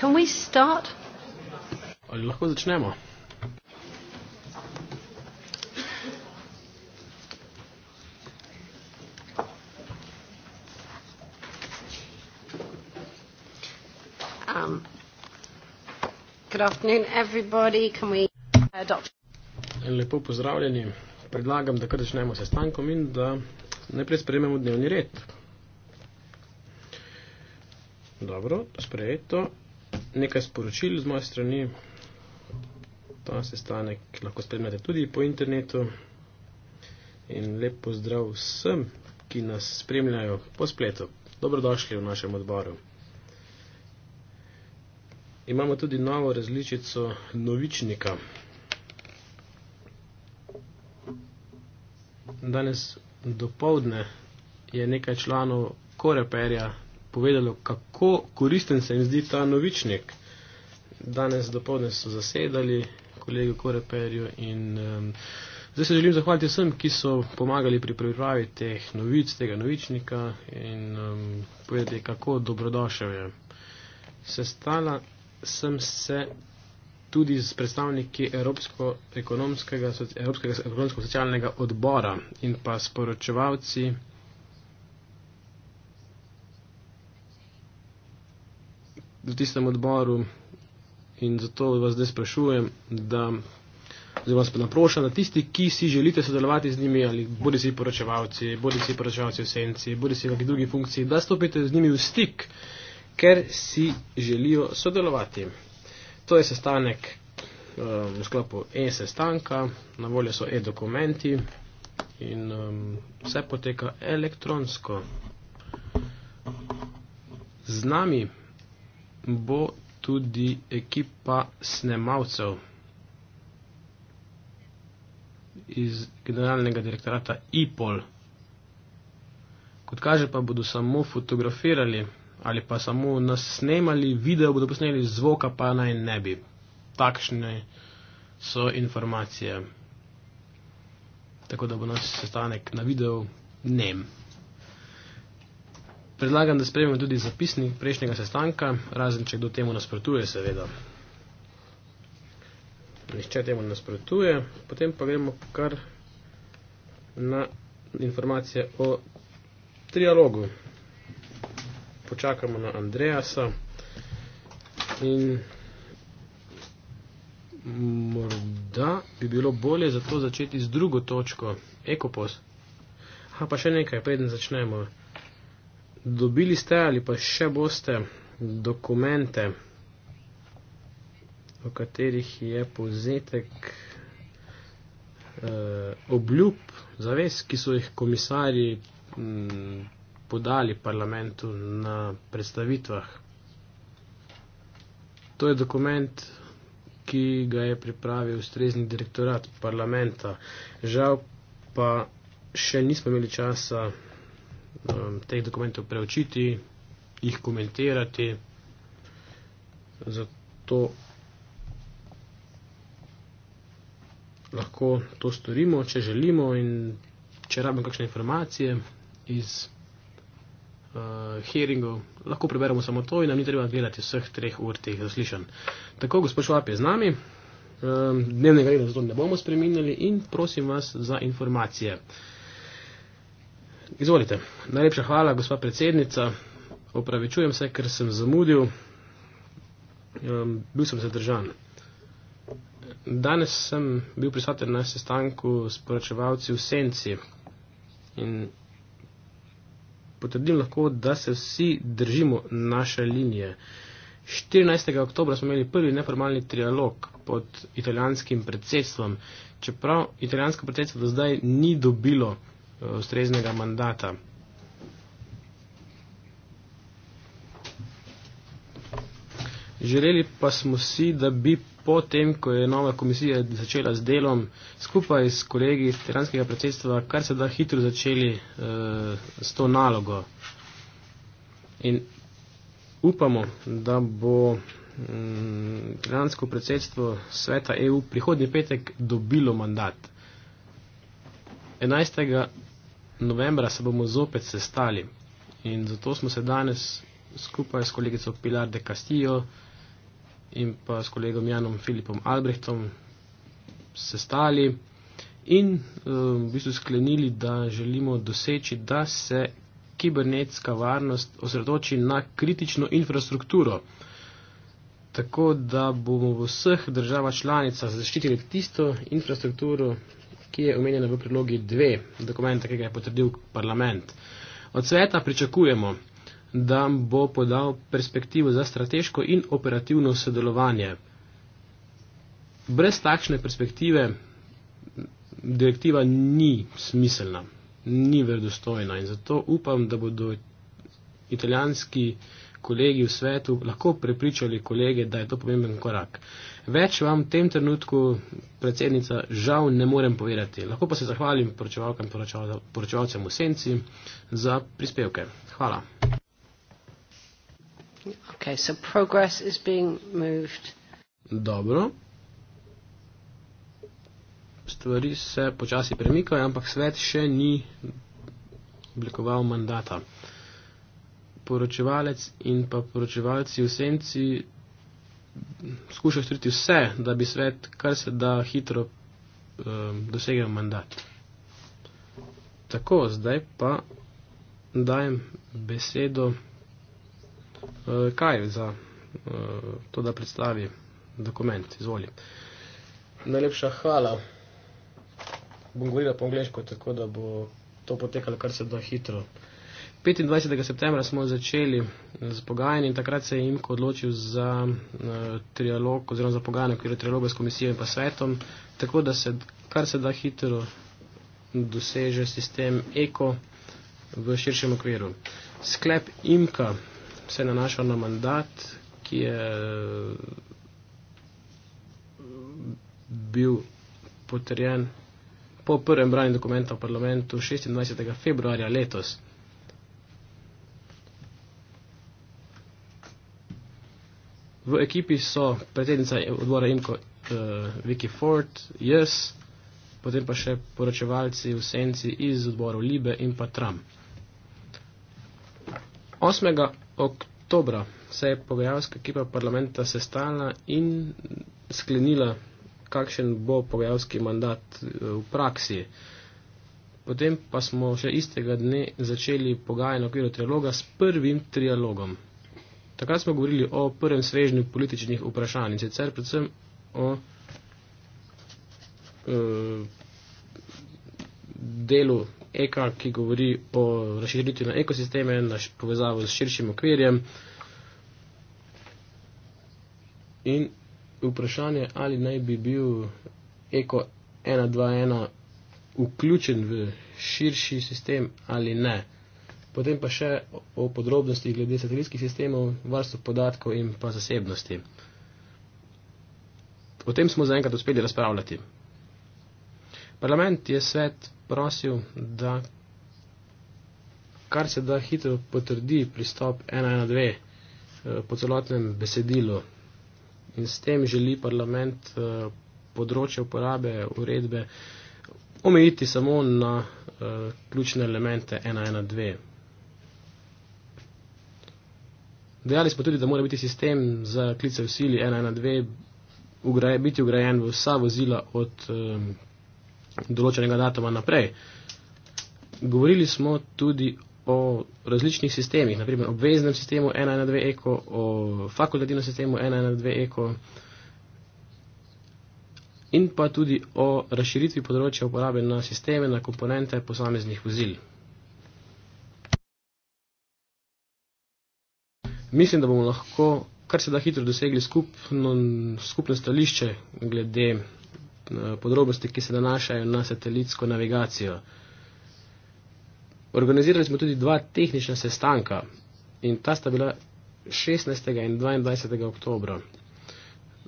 Can we start? Ali lahko začnemo? Um, good afternoon, everybody. Can we, uh, doctor? Lepo pozdravljeni. Predlagam, da kar začnemo s stankom in da najprej sprejmemo dnevni red. Dobro, sprejeto nekaj sporočil z moje strani. Ta sestanek lahko spremljate tudi po internetu. In lep pozdrav vsem, ki nas spremljajo po spletu. Dobrodošli v našem odboru. Imamo tudi novo različico novičnika. Danes do povdne je nekaj članov koreperja povedalo, kako koristen se jim zdi ta novičnik. Danes dopoledne so zasedali kolegi Koreperju in um, zdaj se želim zahvaliti vsem, ki so pomagali pri pripravi teh novic, tega novičnika in um, povedati, kako dobrodošel je. Sestala sem se tudi s predstavniki Evropsko-ekonomskega socialnega odbora in pa sporočevalci. v tistem odboru in zato vas zdaj sprašujem, da zdaj vas naprošam, da tisti, ki si želite sodelovati z njimi, ali bodi si poročevalci, bodi si poročevalci v senci, bodi si v neki drugi funkciji, da stopite z njimi v stik, ker si želijo sodelovati. To je sestanek um, v sklopu e-sestanka, na voljo so e-dokumenti in um, vse poteka elektronsko. Z nami bo tudi ekipa snemalcev iz generalnega direktorata IPOL. Kot kaže, pa bodo samo fotografirali ali pa samo nas snemali, video bodo posneli, zvoka pa naj ne bi. Takšne so informacije. Tako da bo naš sestanek na video nem. Predlagam, da sprejmemo tudi zapisnik prejšnjega sestanka, razen če kdo temu nasprotuje, seveda. Nihče temu nasprotuje, potem pa gremo kar na informacije o trialogu. Počakamo na Andreasa in morda bi bilo bolje zato začeti z drugo točko, ekopos. Ha, pa še nekaj, preden začnemo dobili ste ali pa še boste dokumente, v katerih je povzetek eh, obljub, zavez, ki so jih komisarji hm, podali parlamentu na predstavitvah. To je dokument, ki ga je pripravil ustrezni direktorat parlamenta. Žal pa še nismo imeli časa um, teh dokumentov preučiti, jih komentirati. Zato lahko to storimo, če želimo in če rabimo kakšne informacije iz uh, hearingov, lahko preberemo samo to in nam ni treba gledati vseh treh ur teh zaslišanj. Tako, gospod Švap je z nami, um, dnevnega reda zato ne bomo spreminjali in prosim vas za informacije. Izvolite. Najlepša hvala, gospa predsednica. Opravičujem se, ker sem zamudil. Um, bil sem zadržan. Danes sem bil prisoten na sestanku s poročevalci v Senci in potrdim lahko, da se vsi držimo naše linije. 14. oktobra smo imeli prvi neformalni trialog pod italijanskim predsedstvom, čeprav italijansko predsedstvo do zdaj ni dobilo Eh, ustreznega mandata. Želeli pa smo si, da bi potem, ko je nova komisija začela z delom, skupaj s kolegi iz teranskega predsedstva, kar se da hitro začeli eh, s to nalogo. In upamo, da bo mm, teransko predsedstvo sveta EU prihodnji petek dobilo mandat. 11 novembra se bomo zopet sestali in zato smo se danes skupaj s kolegico Pilar de Castillo in pa s kolegom Janom Filipom Albrechtom sestali in um, v bistvu sklenili, da želimo doseči, da se kibernetska varnost osredotoči na kritično infrastrukturo. Tako da bomo v vseh državah članicah zaščitili tisto infrastrukturo, ki je omenjena v prilogi dve dokumenta, ki ga je potrdil parlament. Od sveta pričakujemo, da bo podal perspektivo za strateško in operativno sodelovanje. Brez takšne perspektive direktiva ni smiselna, ni verodostojna in zato upam, da bodo italijanski kolegi v svetu lahko prepričali kolege, da je to pomemben korak. Več vam v tem trenutku, predsednica, žal ne morem povedati. Lahko pa se zahvalim poročevalkam in poročevalcem v Senci za prispevke. Hvala. Okay, so progress is being moved. Dobro. Stvari se počasi premikajo, ampak svet še ni oblikoval mandata poročevalec in pa poročevalci v senci skušajo storiti vse, da bi svet kar se da hitro eh, dosegel mandat. Tako, zdaj pa dajem besedo eh, uh, kaj za eh, to, da predstavi dokument. Izvoli. Najlepša hvala. Bom govorila po angliško, tako da bo to potekalo kar se da hitro. 25. septembra smo začeli z eh, pogajanji in takrat se je IMKO odločil za uh, trialog oziroma za pogajanje v okviru trialoga s komisijo in pa svetom, tako da se kar se da hitro doseže sistem ECO v širšem okviru. Sklep IMKA se je nanašal na mandat, ki je bil potrjen po prvem branju dokumenta v parlamentu 26. februarja letos. V ekipi so predsednica odbora IMCO uh, eh, Vicky Ford, jaz, potem pa še poročevalci v senci iz odborov Libe in pa Trump. 8. oktober se je pogajalska ekipa parlamenta sestala in sklenila, kakšen bo pogajalski mandat eh, v praksi. Potem pa smo še istega dne začeli pogajanje v okviru triloga s prvim trilogom. Takrat smo govorili o prvem svežnju političnih vprašanj in sicer predvsem o eh, e, delu EKA, ki govori o razširitvi na ekosisteme, na povezavo z širšim okvirjem in vprašanje, ali naj bi bil EKO 1.2.1 vključen v širši sistem ali ne. Potem pa še o podrobnostih glede satelitskih sistemov, varstvo podatkov in pa zasebnosti. O tem smo zaenkrat uspeli razpravljati. Parlament je svet prosil, da kar se da hitro potrdi pristop 1.1.2 eh, po celotnem besedilu. In s tem želi parlament eh, področje uporabe uredbe omejiti samo na eh, ključne elemente 1.1.2. Dejali smo tudi, da mora biti sistem za klice v sili 112 ugraje, biti ugrajen v vsa vozila od um, določenega datuma naprej. Govorili smo tudi o različnih sistemih, naprimer obveznem sistemu 112 eko, o fakultativnem sistemu 112 eko in pa tudi o razširitvi področja uporabe na sisteme, na komponente posameznih vozil. mislim, da bomo lahko kar se da hitro dosegli skupno, skupno stališče glede eh, podrobnosti, ki se nanašajo na satelitsko navigacijo. Organizirali smo tudi dva tehnična sestanka in ta sta bila 16. in 22. oktobra.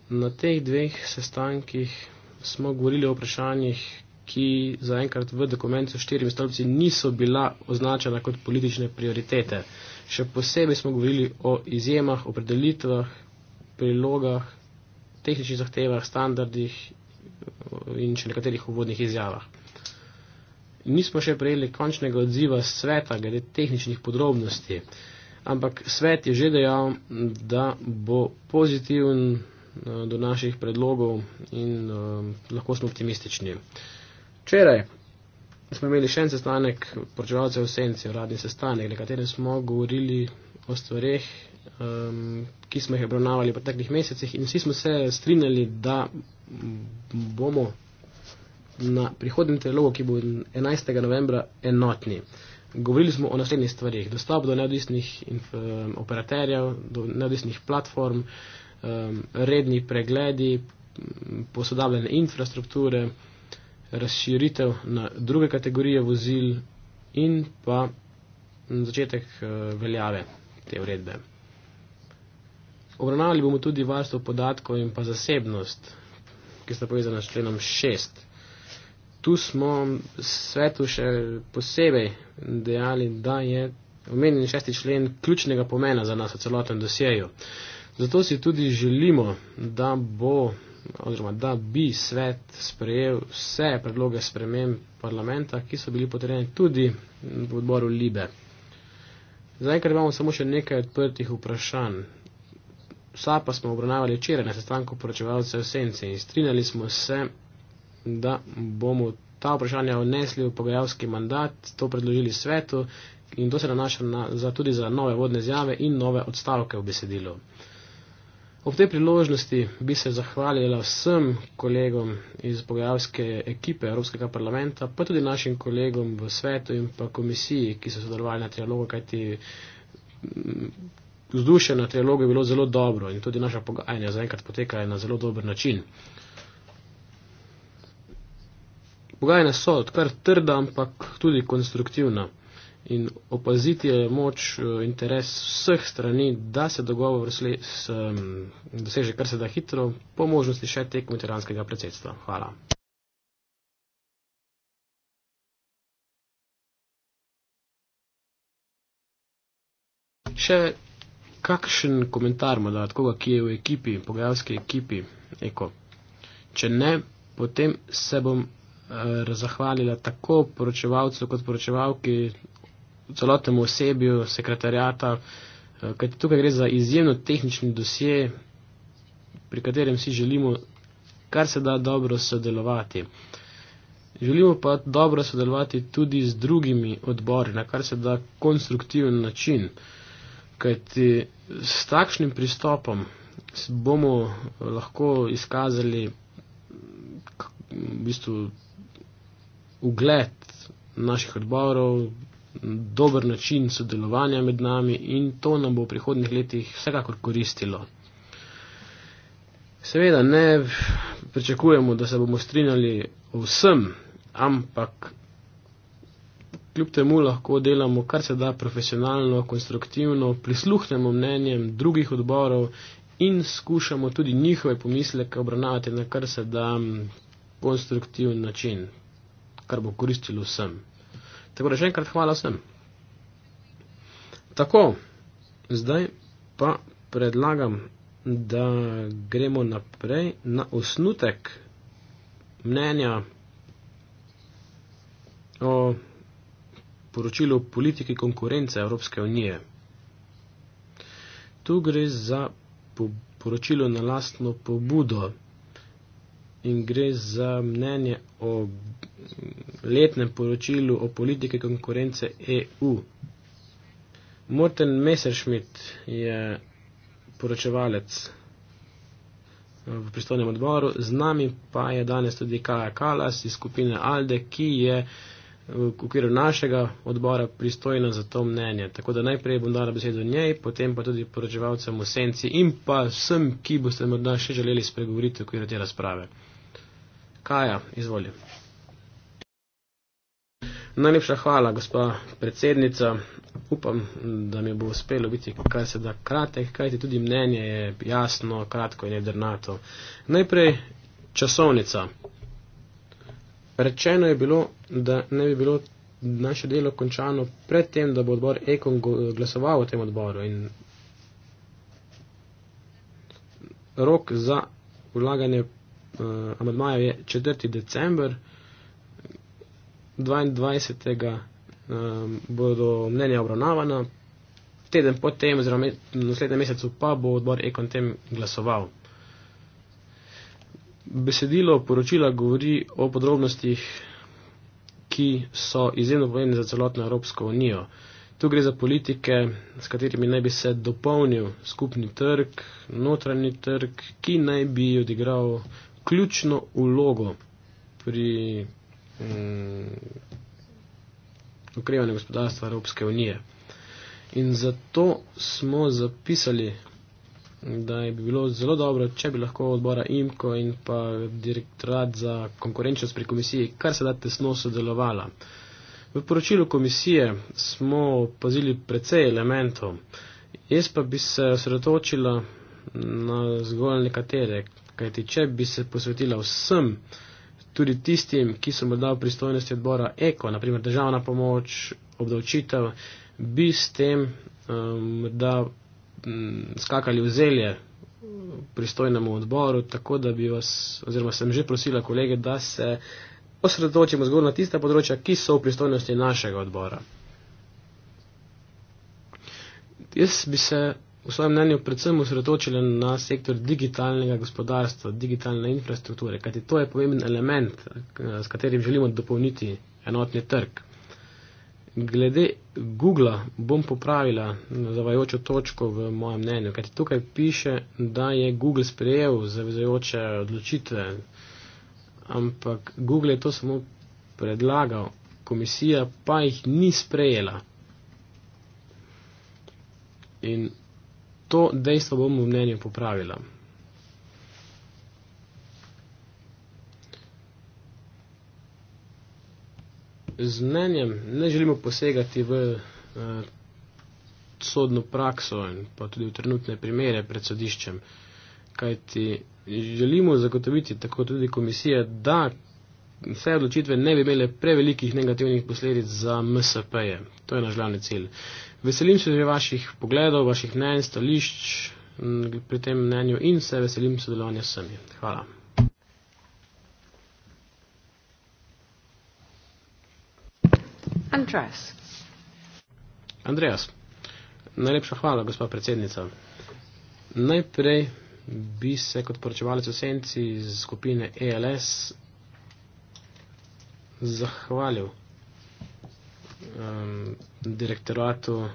Na teh dveh sestankih smo govorili o vprašanjih, ki zaenkrat v dokumentu s štirimi stolpci niso bila označena kot politične prioritete. Še posebej smo govorili o izjemah, opredelitvah, prilogah, tehničnih zahtevah, standardih eh, in še nekaterih uvodnih izjavah. Nismo še prejeli končnega odziva sveta glede tehničnih podrobnosti, ampak svet je že dejal, da bo pozitiven eh, do naših predlogov in uh, lahko smo optimistični. Uh, včeraj smo imeli še en sestanek poročevalcev v senci, uradni sestanek, na katerem smo govorili o stvareh, um, ki smo jih obravnavali v preteklih mesecih in vsi smo se strinjali, da bomo na prihodnem trilogu, ki bo 11. novembra, enotni. Govorili smo o naslednjih stvarih. Dostop do neodvisnih um, operaterjev, do neodvisnih platform, um, redni pregledi, posodabljene infrastrukture razširitev na druge kategorije vozil in pa začetek eh, veljave te uredbe. Obravnavali bomo tudi varstvo podatkov in pa zasebnost, ki sta povezana s členom 6. Tu smo svetu še posebej dejali, da je omenjen šesti člen ključnega pomena za nas v celotnem dosjeju. Zato si tudi želimo, da bo oziroma da bi svet sprejel vse predloge spremem parlamenta, ki so bili potrebni tudi v odboru Libe. Zaenkrat imamo samo še nekaj odprtih vprašanj. Vsa pa smo obravnavali včeraj na sestanku poročevalcev Sence in strinjali smo se, da bomo ta vprašanja odnesli v pogajalski mandat, to predložili svetu in to se nanaša na, za, tudi za nove vodne zjave in nove odstavke v besedilu. Ob tej priložnosti bi se zahvalila vsem kolegom iz pogajalske ekipe Evropskega parlamenta, pa tudi našim kolegom v svetu in pa komisiji, ki so sodelovali na trialogu, kajti mm, vzdušje na trialogu je bilo zelo dobro in tudi naša pogajanja zaenkrat potekajo na zelo dober način. Pogajanja so odkar trda, ampak tudi konstruktivna. In opaziti je moč, eh, interes vseh strani, da se dogovor doseže kar se da hitro, po možnosti še tekom italijanskega predsedstva. Hvala. Še kakšen komentar ima da koga, ki je v ekipi, pogajalski ekipi, Eko? Če ne, potem se bom eh, zahvalila tako poročevalcu kot poročevalki celotnemu osebju, sekretarjata, eh, kajti tukaj gre za izjemno tehnični dosje, pri katerem si želimo kar se da dobro sodelovati. Želimo pa dobro sodelovati tudi z drugimi odbori, na kar se da konstruktiven način, kajti s takšnim pristopom bomo eh, lahko izkazali v bistvu ugled naših odborov, dober način sodelovanja med nami in to nam bo v prihodnih letih vsekakor koristilo. Seveda ne pričakujemo, da se bomo strinjali o vsem, ampak kljub temu lahko delamo kar se da profesionalno, konstruktivno, prisluhnemo mnenjem drugih odborov in skušamo tudi njihove pomisleke obravnavati na kar se da mm, konstruktiven način, kar bo koristilo vsem. Tako da še enkrat hvala vsem. Tako, zdaj pa predlagam, da gremo naprej na osnutek mnenja o poročilu politiki konkurence Evropske unije. Tu gre za poročilo na lastno pobudo in gre za mnenje o letnem poročilu o politike konkurence EU. Morten Messerschmidt je poročevalec eh, v pristojnem odboru, z nami pa je danes tudi Kaja Kalas iz skupine Alde, ki je eh, v okviru našega odbora pristojna za to mnenje. Tako da najprej bom dala besedo njej, potem pa tudi poročevalcem v senci in pa vsem, ki boste morda še želeli spregovoriti v okviru te razprave. Kaja, izvolite. Najlepša hvala, gospa predsednica. Upam, da mi bo uspelo biti kar se da kratek, kajti tudi mnenje je jasno, kratko in jedrnato. Najprej časovnica. Rečeno je bilo, da ne bi bilo naše delo končano pred tem, da bo odbor Ekon glasoval o tem odboru in rok za vlaganje uh, eh, amadmaja je 4. december. 22. Um, ehm, bodo mnenja obravnavana, teden potem, oziroma v naslednjem mesecu, pa bo odbor Ekon tem glasoval. Besedilo poročila govori o podrobnostih, ki so izjemno pomembne za celotno Evropsko unijo. Tu gre za politike, s katerimi naj bi se dopolnil skupni trg, notranji trg, ki naj bi odigral ključno ulogo pri ukrevanje mm. gospodarstva Evropske unije. In zato smo zapisali, da je bi bilo zelo dobro, če bi lahko odbora IMKO in pa direktorat za konkurenčnost pri komisiji kar se da tesno sodelovala. V poročilu komisije smo opazili precej elementov. Jaz pa bi se osredotočila na zgolj nekatere, kajti če bi se posvetila vsem, tudi tistim, ki so morda v pristojnosti odbora eko, naprimer državna pomoč, obdavčitev, bi s tem um, morda um, skakali v zelje pristojnemu odboru, tako da bi vas, oziroma sem že prosila kolege, da se osredotočimo zgolj na tista področja, ki so v pristojnosti našega odbora. Jaz bi se v svojem mnenju predvsem usredotočile na sektor digitalnega gospodarstva, digitalne infrastrukture, kajti to je pomemben element, eh, s katerim želimo dopolniti enotni trg. Glede Google bom popravila zavajočo točko v mojem mnenju, kajti tukaj piše, da je Google sprejel zavezajoče odločitve, ampak Google je to samo predlagal, komisija pa jih ni sprejela. In to dejstvo bom v mnenju popravila. Z mnenjem ne želimo posegati v eh, sodno prakso in pa tudi v trenutne primere pred sodiščem, kajti želimo zagotoviti tako tudi komisije, da vse odločitve ne bi imele prevelikih negativnih posledic za MSP-je. To je naš glavni cilj. Veselim se že vaših pogledov, vaših mnen, stališč pri tem mnenju in se veselim sodelovanja s vami. Hvala. Andreas. Andreas, najlepša hvala, gospod predsednica. Najprej bi se kot poročevalec v senci iz skupine ELS zahvalil um, direktoratu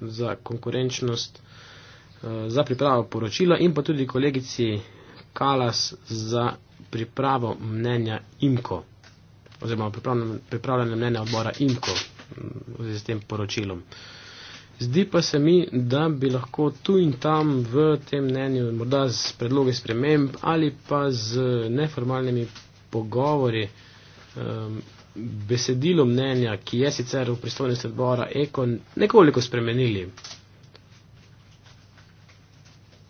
za konkurenčnost uh, za pripravo poročila in pa tudi kolegici Kalas za pripravo mnenja IMKO oziroma pripravljanje mnenja odbora IMKO mm, z tem poročilom. Zdi pa se mi, da bi lahko tu in tam v tem mnenju, morda z predloge sprememb ali pa z neformalnimi pogovori, um, besedilo mnenja, ki je sicer v pristojnosti odbora Eko, nekoliko spremenili.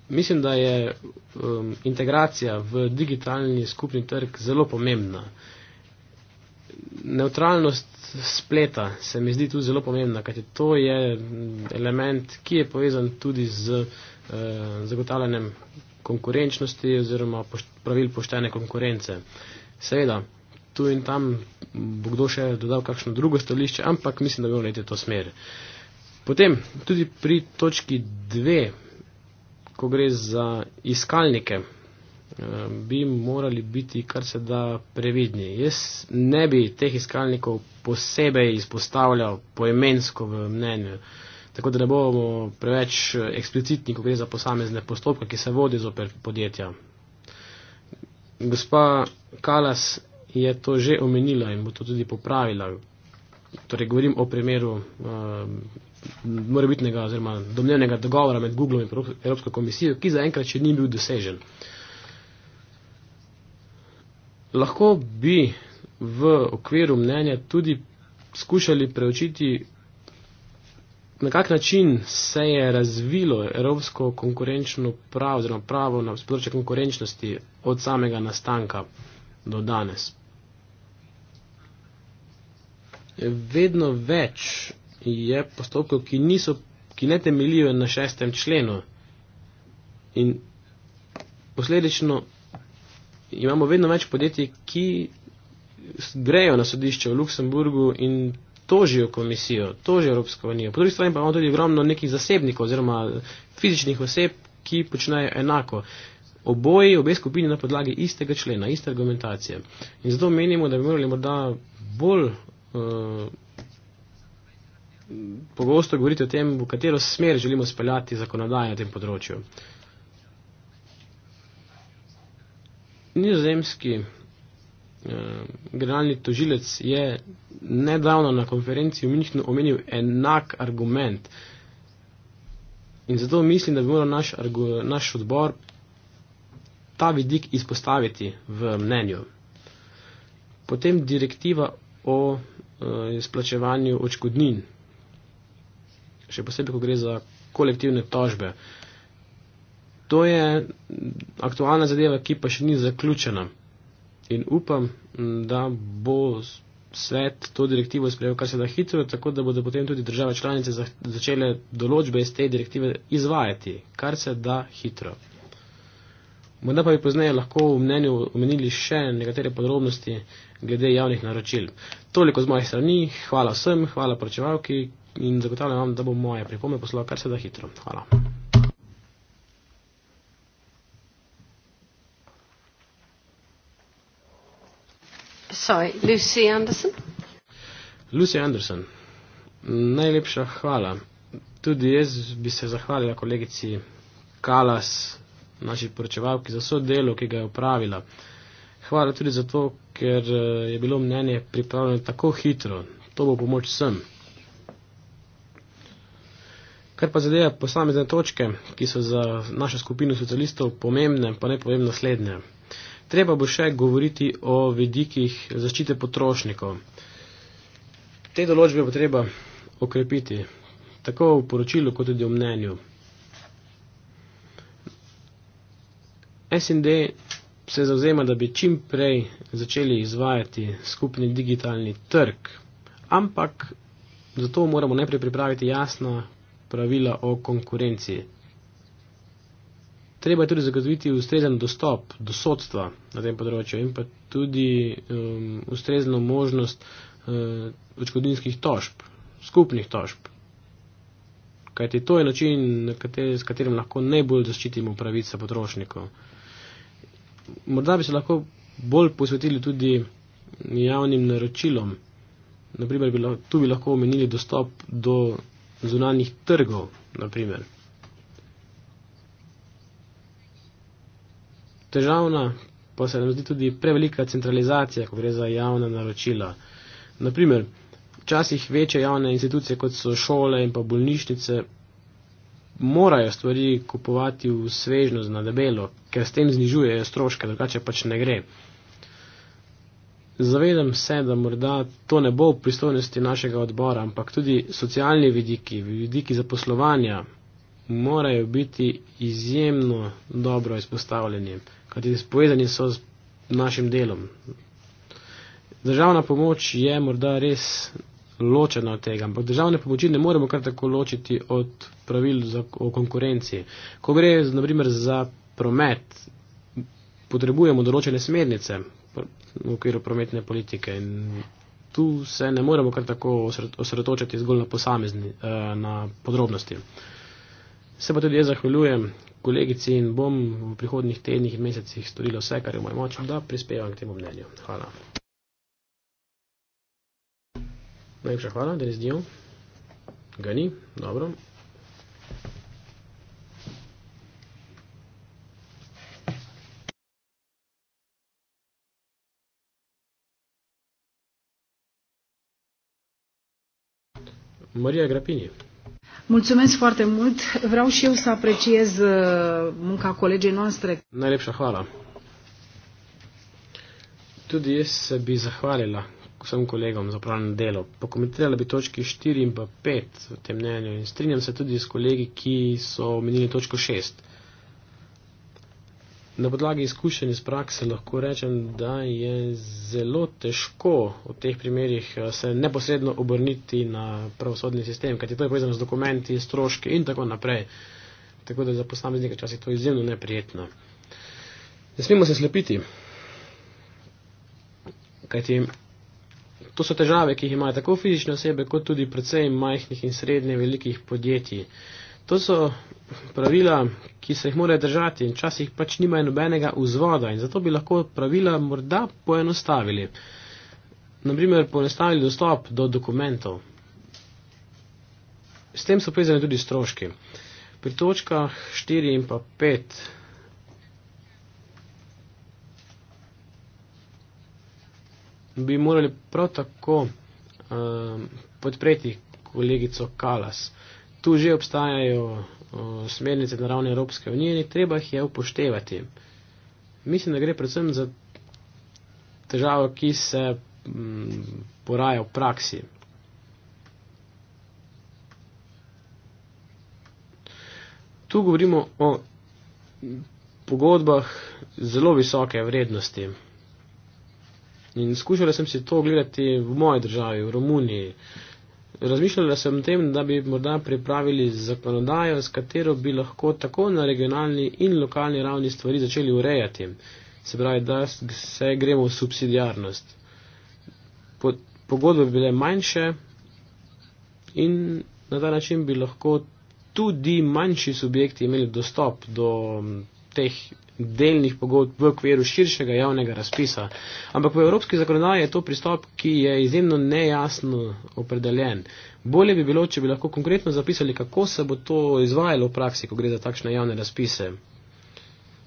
Mislim, da je um, integracija v digitalni skupni trg zelo pomembna. Neutralnost spleta se mi zdi tu zelo pomembna, kajte to je element, ki je povezan tudi z uh, zagotavljanjem konkurenčnosti oziroma pošt, pravil poštene konkurence. Seveda, tu in tam bo kdo še dodal kakšno drugo stališče, ampak mislim, da bi omrejte to smer. Potem, tudi pri točki dve, ko gre za iskalnike, eh, bi morali biti kar se da previdni. Jaz ne bi teh iskalnikov posebej izpostavljal poemensko v mnenju. Tako da ne bomo preveč eksplicitni, ko gre za posamezne postopke, ki se vodi zoper podjetja. Gospa Kalas je to že omenila in bo to tudi popravila. Torej, govorim o primeru uh, morebitnega oziroma domnevnega dogovora med Google in Evropsko komisijo, ki zaenkrat še ni bil dosežen. Lahko bi v okviru mnenja tudi skušali preučiti, na kak način se je razvilo evropsko konkurenčno pravo, oziroma pravo na področju konkurenčnosti od samega nastanka do danes vedno več je postopkov, ki, niso, ki ne temeljijo na šestem členu. In posledično imamo vedno več podjetij, ki grejo na sodišče v Luksemburgu in tožijo komisijo, tožijo Evropsko unijo. Po drugi strani pa imamo tudi ogromno nekih zasebnikov oziroma fizičnih oseb, ki počnejo enako. Oboji, obe skupini na podlagi istega člena, iste argumentacije. In zato menimo, da bi morali morda bolj Eh, pogosto govoriti o tem, v katero smer želimo speljati zakonodajo na tem področju. Nizozemski eh, generalni tožilec je nedavno na konferenci v Münchenu omenil enak argument. In zato mislim, da bi moral naš, naš odbor ta vidik izpostaviti v mnenju. Potem direktiva o Eh, izplačevanju očkodnin, še posebej, ko gre za kolektivne tožbe. To je aktualna zadeva, ki pa še ni zaključena. In upam, da bo svet to direktivo sprejel kar se da hitro, tako da bodo potem tudi države članice začele določbe iz te direktive izvajati kar se da hitro. Morda pa bi pozneje lahko v mnenju omenili še nekatere podrobnosti glede javnih naročil. Toliko z mojih strani, hvala vsem, hvala poročevalki in zagotavljam vam, da bo moje pripombe poslala kar se da hitro. Hvala. Sorry, Lucy Anderson. Lucy Anderson, najlepša hvala. Tudi jaz bi se zahvalila kolegici Kalas naši poročevalki za vso delo, ki ga je upravila. Hvala tudi zato, ker eh, je bilo mnenje pripravljeno tako hitro. To bo pomoč vsem. Kar pa zadeva posamezne točke, ki so za našo skupino socialistov pomembne, pa ne povem naslednje. Treba bo še govoriti o vidikih zaščite potrošnikov. Te določbe bo treba okrepiti, tako v poročilu kot tudi v mnenju. SND se zauzema, da bi čim prej začeli izvajati skupni digitalni trg, ampak zato moramo najprej pripraviti jasna pravila o konkurenciji. Treba je tudi zagotoviti ustrezen dostop do sodstva na tem področju in pa tudi um, ustrezno možnost uh, očkodinskih tožb, skupnih tožb. Kajti to je način, kateri, s katerim lahko najbolj zaščitimo pravice potrošnikov morda bi se lahko bolj posvetili tudi javnim naročilom. Naprimer, bi lahko, tu bi lahko omenili dostop do zunanjih trgov. Naprimer. Težavna pa se nam zdi tudi prevelika centralizacija, ko gre za javna naročila. Naprimer, včasih večje javne institucije, kot so šole in pa bolnišnice, morajo stvari kupovati v svežnost na debelo, ker s tem znižujejo stroške, drugače pač ne gre. Zavedam se, da morda to ne bo v pristojnosti našega odbora, ampak tudi socialni vidiki, vidiki zaposlovanja morajo biti izjemno dobro izpostavljeni, kajti povezani so z našim delom. Državna pomoč je morda res ločena od tega. Ampak državne pomoči ne moremo kar tako ločiti od pravil za, o konkurenciji. Ko gre naprimer za promet, potrebujemo določene smernice v okviru prometne politike. In tu se ne moremo kar tako osredotočiti zgolj na posamezni, eh, na podrobnosti. Se pa tudi jaz zahvaljujem kolegici in bom v prihodnjih tednih in mesecih storila vse, kar je v moji moči, da prispevam k temu mnenju. Hvala. Najlepša hvala, Denis Dijon. Ga ni, dobro. Maria Grapini. Mulțumesc foarte mult. Vreau și eu să apreciez uh, munca colegei noastre. Najlepša hvala. Tudi jaz se bi zahvalila vsem kolegom za upravljanje delo. Pokomentirali bi točki 4 in pa 5 v tem mnenju in strinjam se tudi s kolegi, ki so omenili točko 6. Na podlagi izkušenj iz prakse lahko rečem, da je zelo težko v teh primerjih eh, se neposredno obrniti na pravosodni sistem, kajti to je povezano z dokumenti, stroški in tako naprej. Tako da za posameznika čas je to izjemno neprijetno. Ne smemo se slepiti, kajti To so težave, ki jih imajo tako fizične osebe, kot tudi predvsej majhnih in srednje velikih podjetij. To so pravila, ki se jih morajo držati in časih pač nimajo nobenega vzvoda in zato bi lahko pravila morda poenostavili. Naprimer, poenostavili dostop do dokumentov. S tem so povezani tudi stroški. Pri točkah 4 in pa 5 bi morali prav tako um, podpreti kolegico Kalas. Tu že obstajajo uh, smernice na ravni Evropske unije in treba jih je upoštevati. Mislim, da gre predvsem za težavo, ki se um, poraja v praksi. Tu govorimo o pogodbah zelo visoke vrednosti. In skušala sem si to ogledati v moji državi, v Romuniji. Razmišljala sem o tem, da bi morda pripravili zakonodajo, s katero bi lahko tako na regionalni in lokalni ravni stvari začeli urejati. Se pravi, da se gremo v subsidijarnost. Pogodbe bi bile manjše in na ta način bi lahko tudi manjši subjekti imeli dostop do teh delnih pogodb v okviru širšega javnega razpisa. Ampak v evropski zakonodaji je to pristop, ki je izjemno nejasno opredeljen. Bolje bi bilo, če bi lahko konkretno zapisali, kako se bo to izvajalo v praksi, ko gre za takšne javne razpise.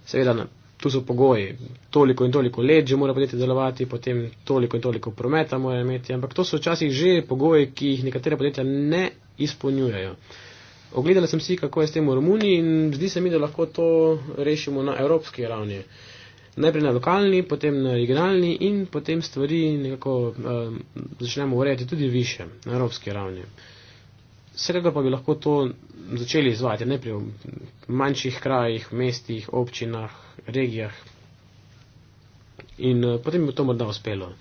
Seveda, tu so pogoji, toliko in toliko let že mora podjetje delovati, potem toliko in toliko prometa mora imeti, ampak to so včasih že pogoji, ki jih nekatere podjetja ne izpolnjujejo. Ogledala sem si, kako je s tem v Romuniji in zdi se mi, da lahko to rešimo na evropski ravni. Najprej na lokalni, potem na regionalni in potem stvari nekako uh, začnemo urejati tudi više, na evropski ravni. Sredo pa bi lahko to začeli izvajati, ne pri manjših krajih, mestih, občinah, regijah in uh, potem bi to morda uspelo. Uh,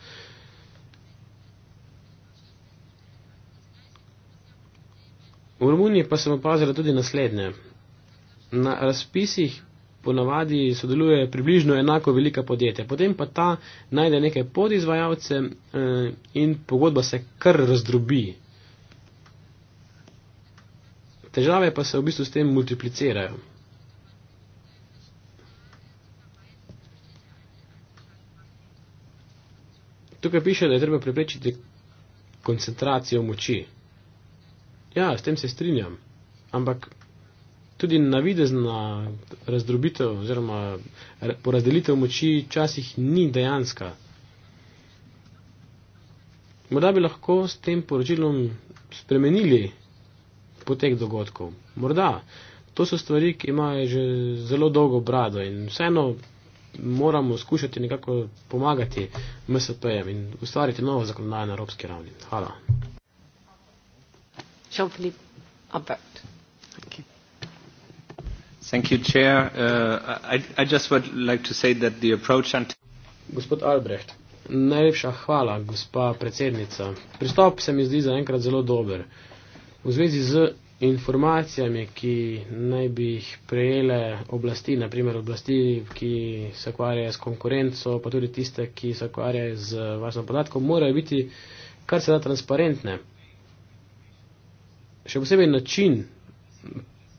V Romuniji pa sem opazila tudi naslednje. Na razpisih ponavadi sodeluje približno enako velika podjetja, potem pa ta najde neke podizvajalce eh, in pogodba se kar razdrobi. Težave pa se v bistvu s tem multiplicirajo. Tukaj piše, da je treba preprečiti koncentracijo moči. Ja, s tem se strinjam. Ampak tudi navidezna razdrobitev oziroma porazdelitev moči včasih ni dejanska. Morda bi lahko s tem poročilom spremenili potek dogodkov. Morda. To so stvari, ki imajo že zelo dolgo brado in vseeno moramo skušati nekako pomagati MSP-jem in ustvariti novo zakonodajo na evropski ravni. Hvala philippe humbert uh, gospod albrecht najlepša hvala gospa predsednica pristop se mi zdi zaenkrat zelo dober v zvezi z informacijami ki naj bi jih prejele oblasti naprimer oblasti ki se ukvarjajo s konkurenco pa tudi tiste ki se ukvarjajo z varstvom podatkov morajo biti kar se da transparentne še posebej način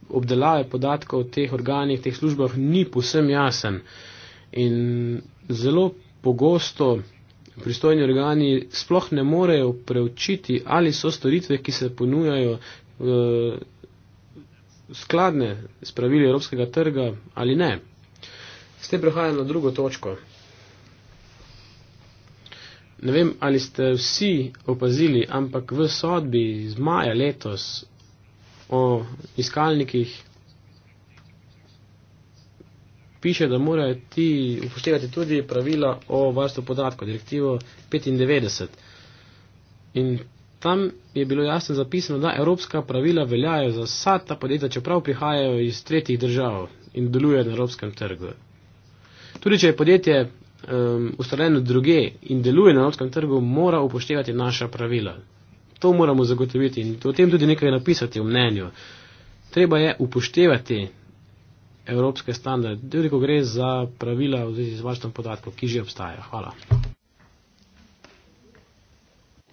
obdelave podatkov v teh organih, v teh službah ni posem jasen. In zelo pogosto pristojni organi sploh ne morejo preučiti, ali so storitve, ki se ponujajo eh, skladne s pravili evropskega trga ali ne. S tem prehajam na drugo točko ne vem, ali ste vsi opazili, ampak v sodbi iz maja letos o iskalnikih piše, da morajo ti upoštevati tudi pravila o varstvu podatkov, direktivo 95. In tam je bilo jasno zapisano, da evropska pravila veljajo za vsa ta podjetja, čeprav prihajajo iz tretjih držav in delujejo na evropskem trgu. Tudi če je podjetje um, ustaljeno druge in deluje na evropskem trgu, mora upoštevati naša pravila. To moramo zagotoviti in o tem tudi nekaj napisati v mnenju. Treba je upoštevati evropske standarde, tudi ko gre za pravila v zvezi z varstvom podatkov, ki že obstaja. Hvala.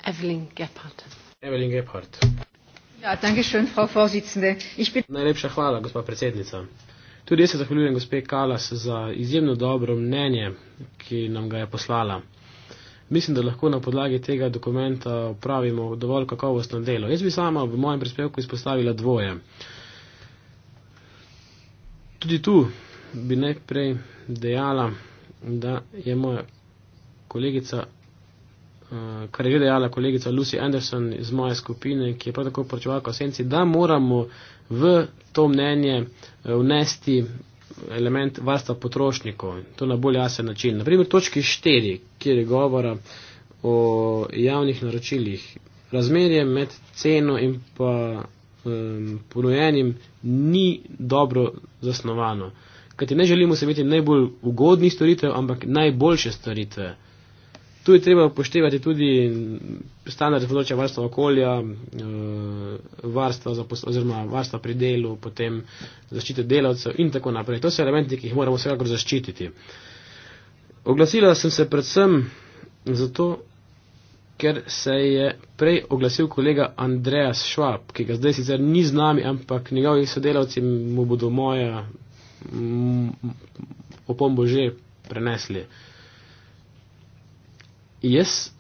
Evelyn Gephardt. Evelyn Gephardt. Ja, danke schön, Frau Vorsitzende. Bin... Najlepša hvala, gospod predsednica. Tudi jaz se zahvaljujem gospe Kalas za izjemno dobro mnenje, ki nam ga je poslala. Mislim, da lahko na podlagi tega dokumenta upravimo dovolj kakovostno delo. Jaz bi sama v mojem prispevku izpostavila dvoje. Tudi tu bi najprej dejala, da je moja kolegica uh, kar je že dejala kolegica Lucy Anderson iz moje skupine, ki je prav tako poročevalka v senci, da moramo v to mnenje eh, vnesti element varstva potrošnikov in to na bolj jasen način. Naprimer, točki 4, kjer je govora o javnih naročilih, razmerje med ceno in pa um, ponujenim ni dobro zasnovano. Kajti ne želimo se imeti najbolj ugodnih storitev, ampak najboljše storitev. Tu je treba upoštevati tudi standard vnoča varstva okolja, eh, varstva, varstva pri delu, potem zaščite delavcev in tako naprej. To so elementi, ki jih moramo vsekakor zaščititi. Oglasila sem se predvsem zato, ker se je prej oglasil kolega Andreas Schwab, ki ga zdaj sicer ni z nami, ampak njegovi sodelavci mu bodo moja opombo že prenesli jaz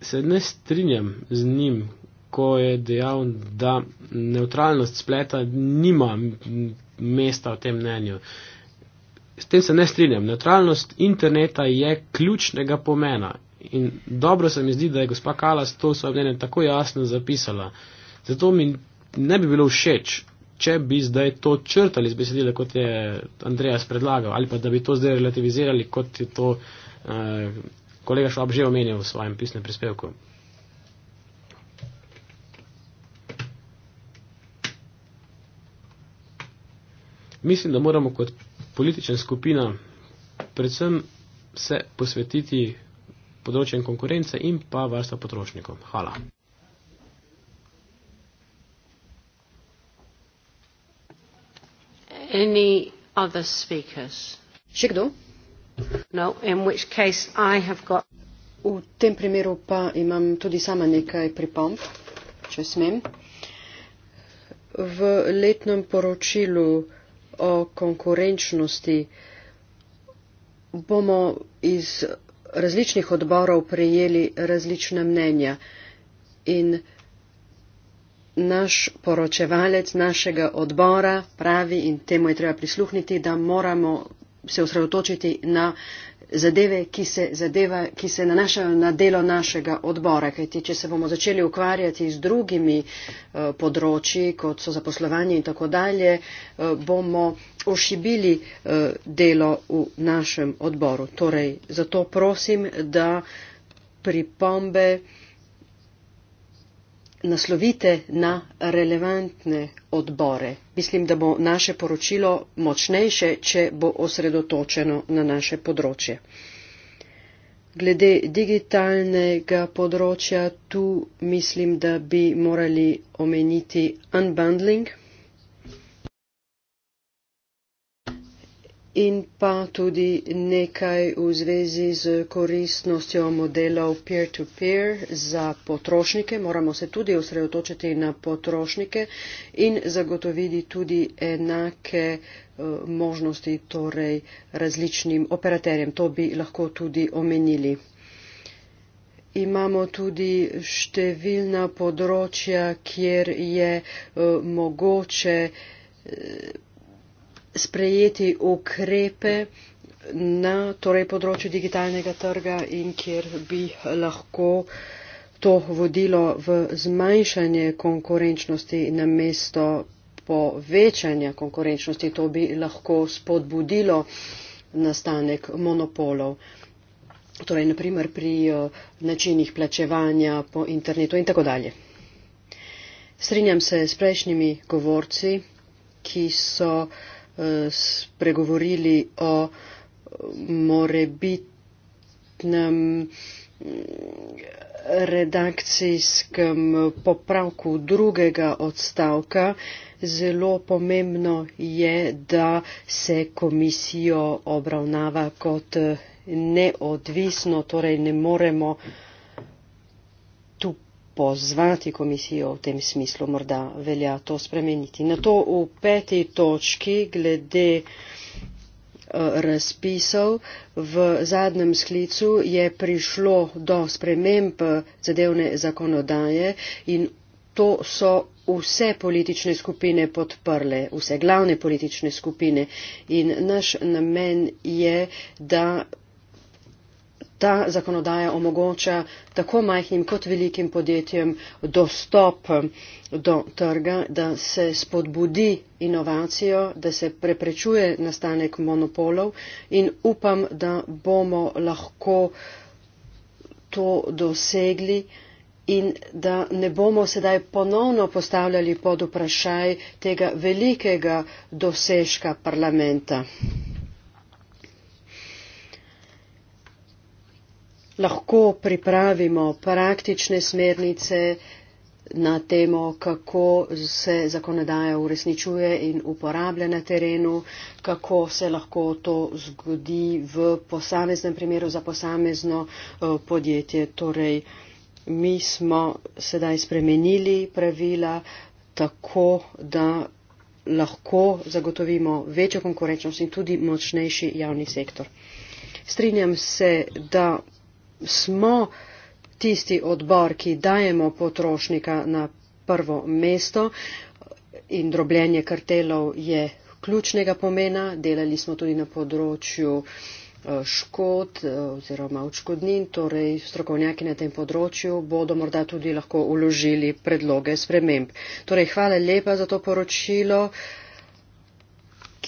se ne strinjam z njim, ko je dejal, da neutralnost spleta nima mesta v tem mnenju. S tem se ne strinjam. Neutralnost interneta je ključnega pomena. In dobro se mi zdi, da je gospa Kalas to svoje mnenje tako jasno zapisala. Zato mi ne bi bilo všeč, če bi zdaj to črtali iz besedila, kot je Andrejas predlagal, ali pa da bi to zdaj relativizirali, kot je to eh, kolega Švab že omenil v svojem pisnem prispevku. Mislim, da moramo kot politična skupina predvsem se posvetiti področjem konkurence in pa varstva potrošnikov. Hvala. any other speakers? Še kdo? No, in which case I have got. V tem primeru pa imam tudi sama nekaj pripomb, če smem. V letnem poročilu o konkurenčnosti bomo iz različnih odborov prejeli različna mnenja in naš poročevalec našega odbora pravi, in temu je treba prisluhniti, da moramo se osredotočiti na zadeve, ki se, zadeva, ki se nanašajo na delo našega odbora. Kajti, če se bomo začeli ukvarjati z drugimi uh, področji, kot so zaposlovanje in tako dalje, uh, bomo ošibili uh, delo v našem odboru. Torej, zato prosim, da pripombe uh, naslovite na relevantne odbore. Mislim, da bo naše poročilo močnejše, če bo osredotočeno na naše področje. Glede digitalnega področja, tu mislim, da bi morali omeniti unbundling, in pa tudi nekaj v zvezi z koristnostjo modelov peer-to-peer -peer za potrošnike. Moramo se tudi osredotočiti na potrošnike in zagotoviti tudi enake eh, možnosti torej različnim operaterjem. To bi lahko tudi omenili. Imamo tudi številna področja, kjer je eh, mogoče eh, sprejeti ukrepe na torej, področju digitalnega trga in kjer bi lahko to vodilo v zmanjšanje konkurenčnosti na mesto povečanja konkurenčnosti. To bi lahko spodbudilo nastanek monopolov. Torej, naprimer pri eh, načinih plačevanja po internetu in tako dalje. Strinjam se s prejšnjimi govorci, ki so spregovorili o morebitnem redakcijskem popravku drugega odstavka. Zelo pomembno je, da se komisijo obravnava kot neodvisno, torej ne moremo uh, pozvati komisijo v tem smislu, morda velja to spremeniti. Na to v peti točki glede eh, razpisov v zadnjem sklicu je prišlo do sprememb eh, zadevne zakonodaje in to so vse politične skupine podprle, vse glavne politične skupine in naš namen je, da Ta zakonodaja omogoča tako majhnim kot velikim podjetjem dostop eh, do trga, da se spodbudi inovacijo, da se preprečuje nastanek monopolov in upam, da bomo lahko to dosegli in da ne bomo sedaj ponovno postavljali pod vprašaj tega velikega dosežka parlamenta. lahko pripravimo praktične smernice na temo, kako se zakonodaja uresničuje in uporablja na terenu, kako se lahko to zgodi v posameznem primeru za posamezno eh, podjetje. Torej, mi smo sedaj spremenili pravila tako, da lahko zagotovimo večjo konkurenčnost in tudi močnejši javni sektor. Strinjam se, da smo tisti odbor, ki dajemo potrošnika na prvo mesto in drobljenje kartelov je ključnega pomena. Delali smo tudi na področju eh, škod eh, oziroma očkodnin, torej strokovnjaki na tem področju bodo morda tudi lahko uložili predloge sprememb. Torej, hvala lepa za to poročilo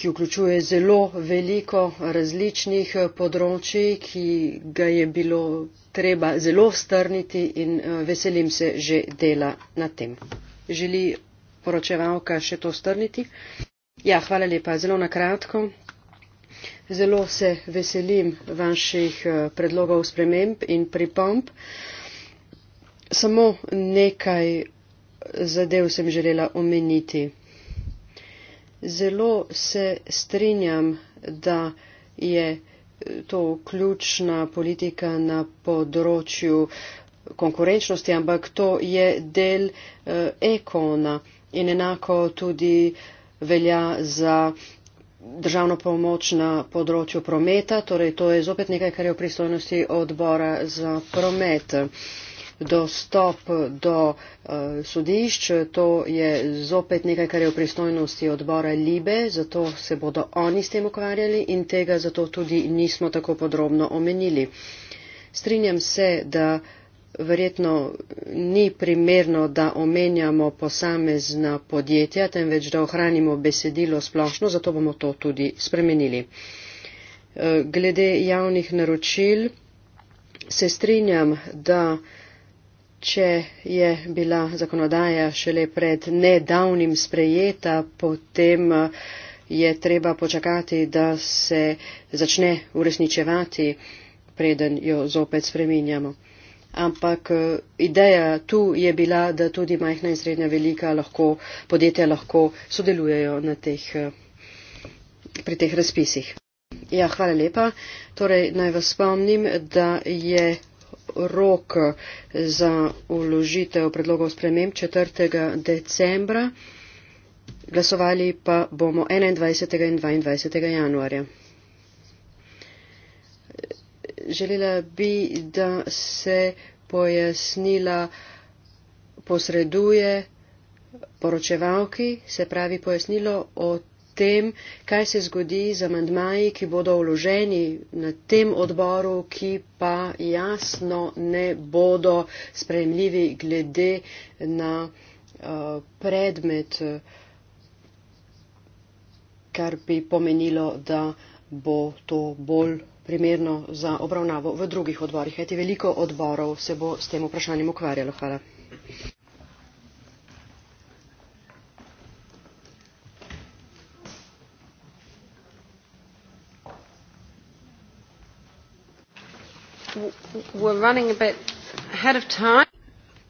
ki vključuje zelo veliko različnih eh, področji, ki ga je bilo treba zelo strniti in eh, veselim se že dela na tem. Želi poročevalka še to strniti? Ja, hvala lepa, zelo na kratko. Zelo se veselim vaših eh, predlogov sprememb in pripomp. Samo nekaj zadev sem želela omeniti zelo se strinjam, da je eh, to ključna politika na področju eh, konkurenčnosti, ampak to je del uh, ekona in enako tudi velja za državno pomoč na področju prometa, torej to je zopet nekaj, kar je v pristojnosti odbora za promet. Uh, dostop do eh, sodišč. To je zopet nekaj, kar je v pristojnosti odbora Libe, zato se bodo oni s tem ukvarjali in tega zato tudi nismo tako podrobno omenili. Strinjam se, da verjetno ni primerno, da omenjamo posamezna podjetja, temveč da ohranimo besedilo splošno, zato bomo to tudi spremenili. Eh, glede javnih naročil se strinjam, da če je bila zakonodaja šele pred nedavnim sprejeta, potem eh, je treba počakati, da se začne uresničevati, preden jo zopet spreminjamo. Ampak eh, ideja tu je bila, da tudi majhna in srednja velika lahko, podjetja lahko sodelujejo teh, eh, pri teh razpisih. Ja, hvala lepa. Torej, naj vas spomnim, da je rok za uložitev predlogov sprememb 4. decembra, glasovali pa bomo 21. in 22. januarja. Želela bi, da se pojasnila posreduje poročevalki, se pravi pojasnilo o tem, kaj se zgodi z amandmaji, ki bodo vloženi na tem odboru, ki pa jasno ne bodo sprejemljivi glede na uh, predmet, kar bi pomenilo, da bo to bolj primerno za obravnavo v drugih odborih. Eti veliko odborov se bo s tem vprašanjem ukvarjalo. Hvala.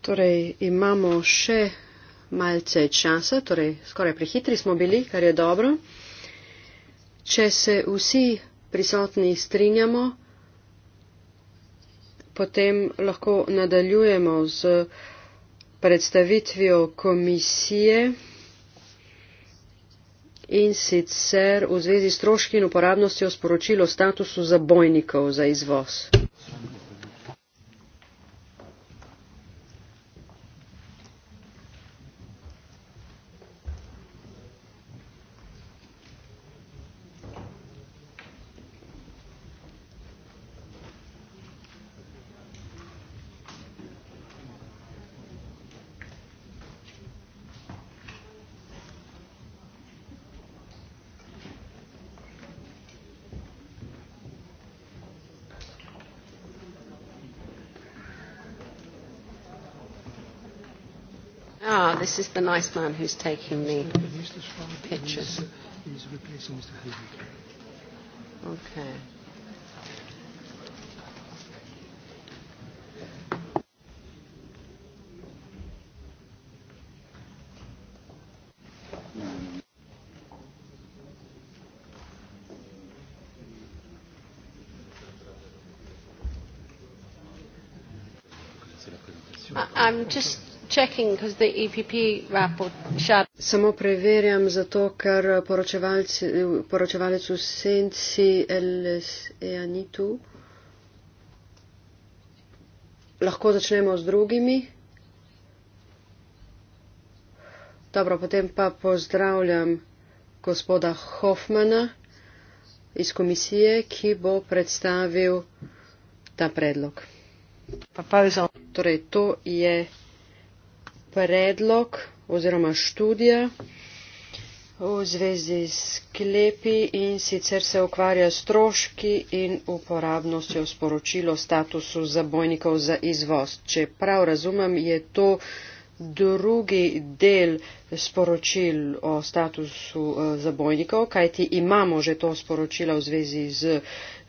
Torej, imamo še malce časa, torej skoraj prehitri smo bili, kar je dobro. Če se vsi prisotni strinjamo, potem lahko nadaljujemo z predstavitvijo komisije in sicer v zvezi s stroški in uporabnostjo sporočilo statusu zabojnikov za izvoz. this is the nice man who's taking the pictures. Okay. I'm just E Samo preverjam zato, ker poročevalec v senci LSE-a ni tu. Lahko začnemo z drugimi. Dobro, potem pa pozdravljam gospoda Hoffmana iz komisije, ki bo predstavil ta predlog. Torej, to je predlog oziroma študija v zvezi s klepi in sicer se ukvarja s stroški in uporabnostjo sporočilo statusu zabojnikov za izvoz. Če prav razumem, je to drugi del sporočil o statusu eh, zabojnikov, kajti imamo že to sporočilo v zvezi z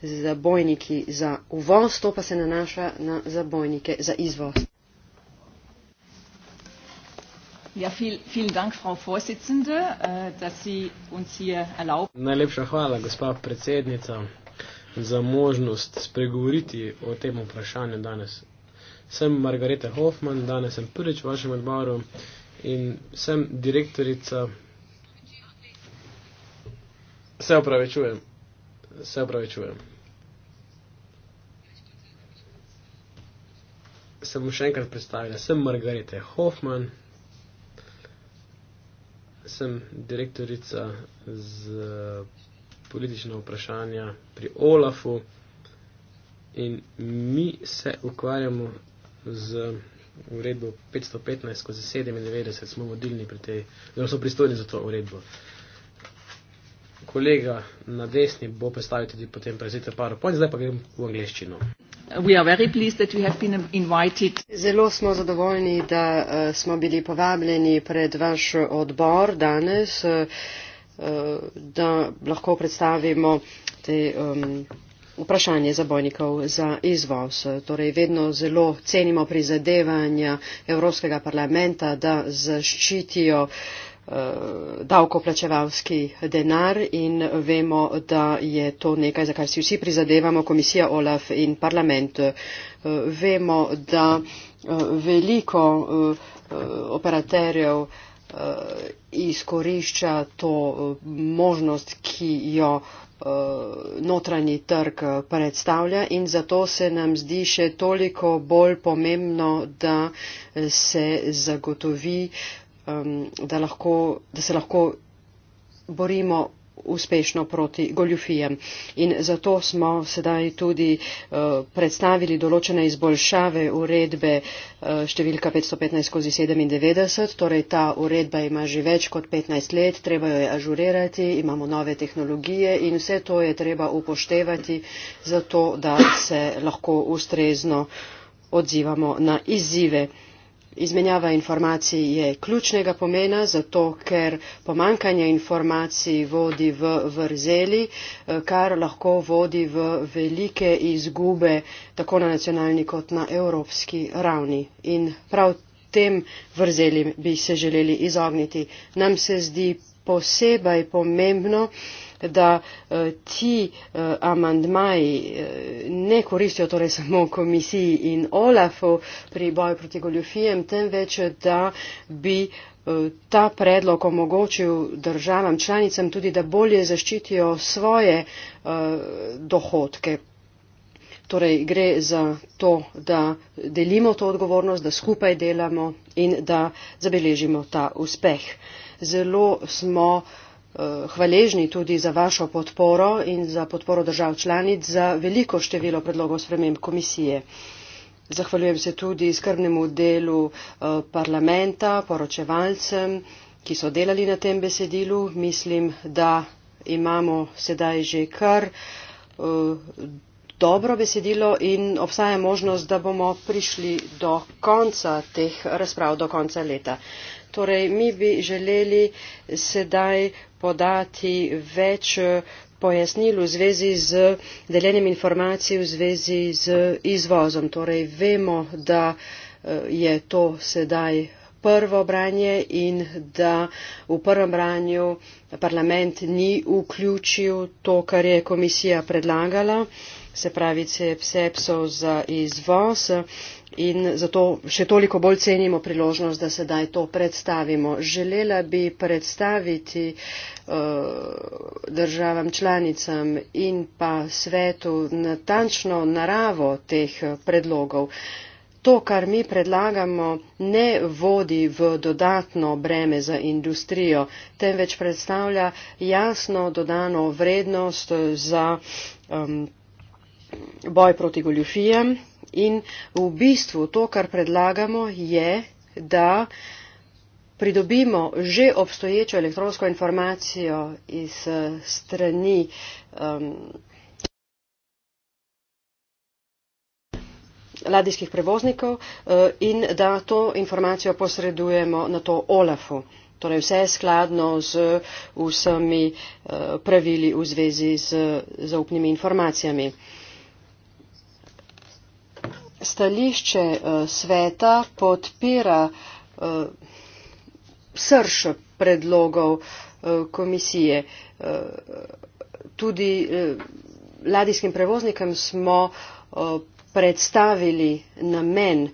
zabojniki za uvoz, to pa se nanaša na zabojnike za izvoz. Ja, viel, vielen Dank, Frau Vorsitzende, äh, dass Sie uns hier erlauben. Najlepša hvala, gospa predsednica, za možnost spregovoriti o tem vprašanju danes. Sem Margareta Hoffman, danes sem prvič v vašem odboru in sem direktorica. Se opravičujem. Se opravičujem. Se bom še enkrat predstavila. Sem Margareta Hoffman sem direktorica z eh, politično vprašanja pri OLAF-u in mi se ukvarjamo z uredbo 515 skozi 97, smo vodilni pri tej, zelo so pristojni za to uredbo. Kolega na desni bo predstaviti tudi potem prezite par point, zdaj pa grem v angliščino zelo smo zadovoljni da uh, smo bili povabljeni pred vaš odbor danes uh, da lahko predstavimo te um, vprašanje zabojnikov za izvoz. Torej vedno zelo cenimo prizadevanja Evropskega parlamenta, da zaščitijo uh, Eh, davkoplačevalski denar in vemo, da je to nekaj, za kar si vsi prizadevamo, komisija OLAF in parlament. Eh, vemo, da eh, veliko operaterjev izkorišča to možnost, ki jo notranji trg predstavlja in zato se nam zdi še toliko bolj pomembno, da se zagotovi uh, um, da, lahko, da se lahko borimo uspešno proti goljufijem. In zato smo sedaj tudi uh, predstavili določene izboljšave uredbe uh, številka 515 skozi 97. Torej, ta uredba ima že več kot 15 let, treba jo je ažurirati, imamo nove tehnologije in vse to je treba upoštevati, zato da se lahko ustrezno odzivamo na izzive izmenjava informacij je ključnega pomena zato ker pomankanje informacij vodi v vrzeli eh, kar lahko vodi v velike izgube tako na nacionalni kot na evropski ravni in prav tem vrzelim bi se želeli izogniti nam se zdi posebej pomembno, da eh, ti eh, amandmaji eh, ne koristijo torej samo komisiji in OLAF-u pri boju proti goljofijem, temveč da bi ta predlog omogočil državam članicam tudi, da bolje zaščitijo svoje dohodke. Torej gre za to, da delimo to odgovornost, da skupaj delamo in da zabeležimo ta uspeh zelo smo eh, hvaležni tudi za vašo podporo in za podporo držav članic za veliko število predlogov sprememb komisije. Zahvaljujem se tudi skrbnemu delu eh, parlamenta, poročevalcem, ki so delali na tem besedilu. Mislim, da imamo sedaj že kar eh, dobro besedilo in obstaja možnost, da bomo prišli do konca teh razprav, do konca leta torej mi bi želeli sedaj podati več eh, pojasnil v zvezi z deljenjem informacij v zvezi z izvozom. Torej vemo, da eh, je to sedaj prvo branje in da v prvem branju parlament ni vključil to, kar je komisija predlagala, se pravi CEPSEPSO za izvoz in zato še toliko bolj cenimo priložnost, da sedaj to predstavimo. Želela bi predstaviti eh, državam članicam in pa svetu natančno naravo teh eh, predlogov. To, kar mi predlagamo, ne vodi v dodatno breme za industrijo, temveč predstavlja jasno dodano vrednost za um, boj proti goljufijem In v bistvu to, kar predlagamo, je, da pridobimo že obstoječo elektronsko informacijo iz strani. Um, ladijskih prevoznikov uh, in da to informacijo posredujemo na to OLAFu. Torej vse je skladno z vsemi uh, pravili v zvezi z zaupnimi informacijami stališče eh, sveta podpira eh, srš predlogov eh, komisije. Tudi ladijskim prevoznikom smo predstavili namen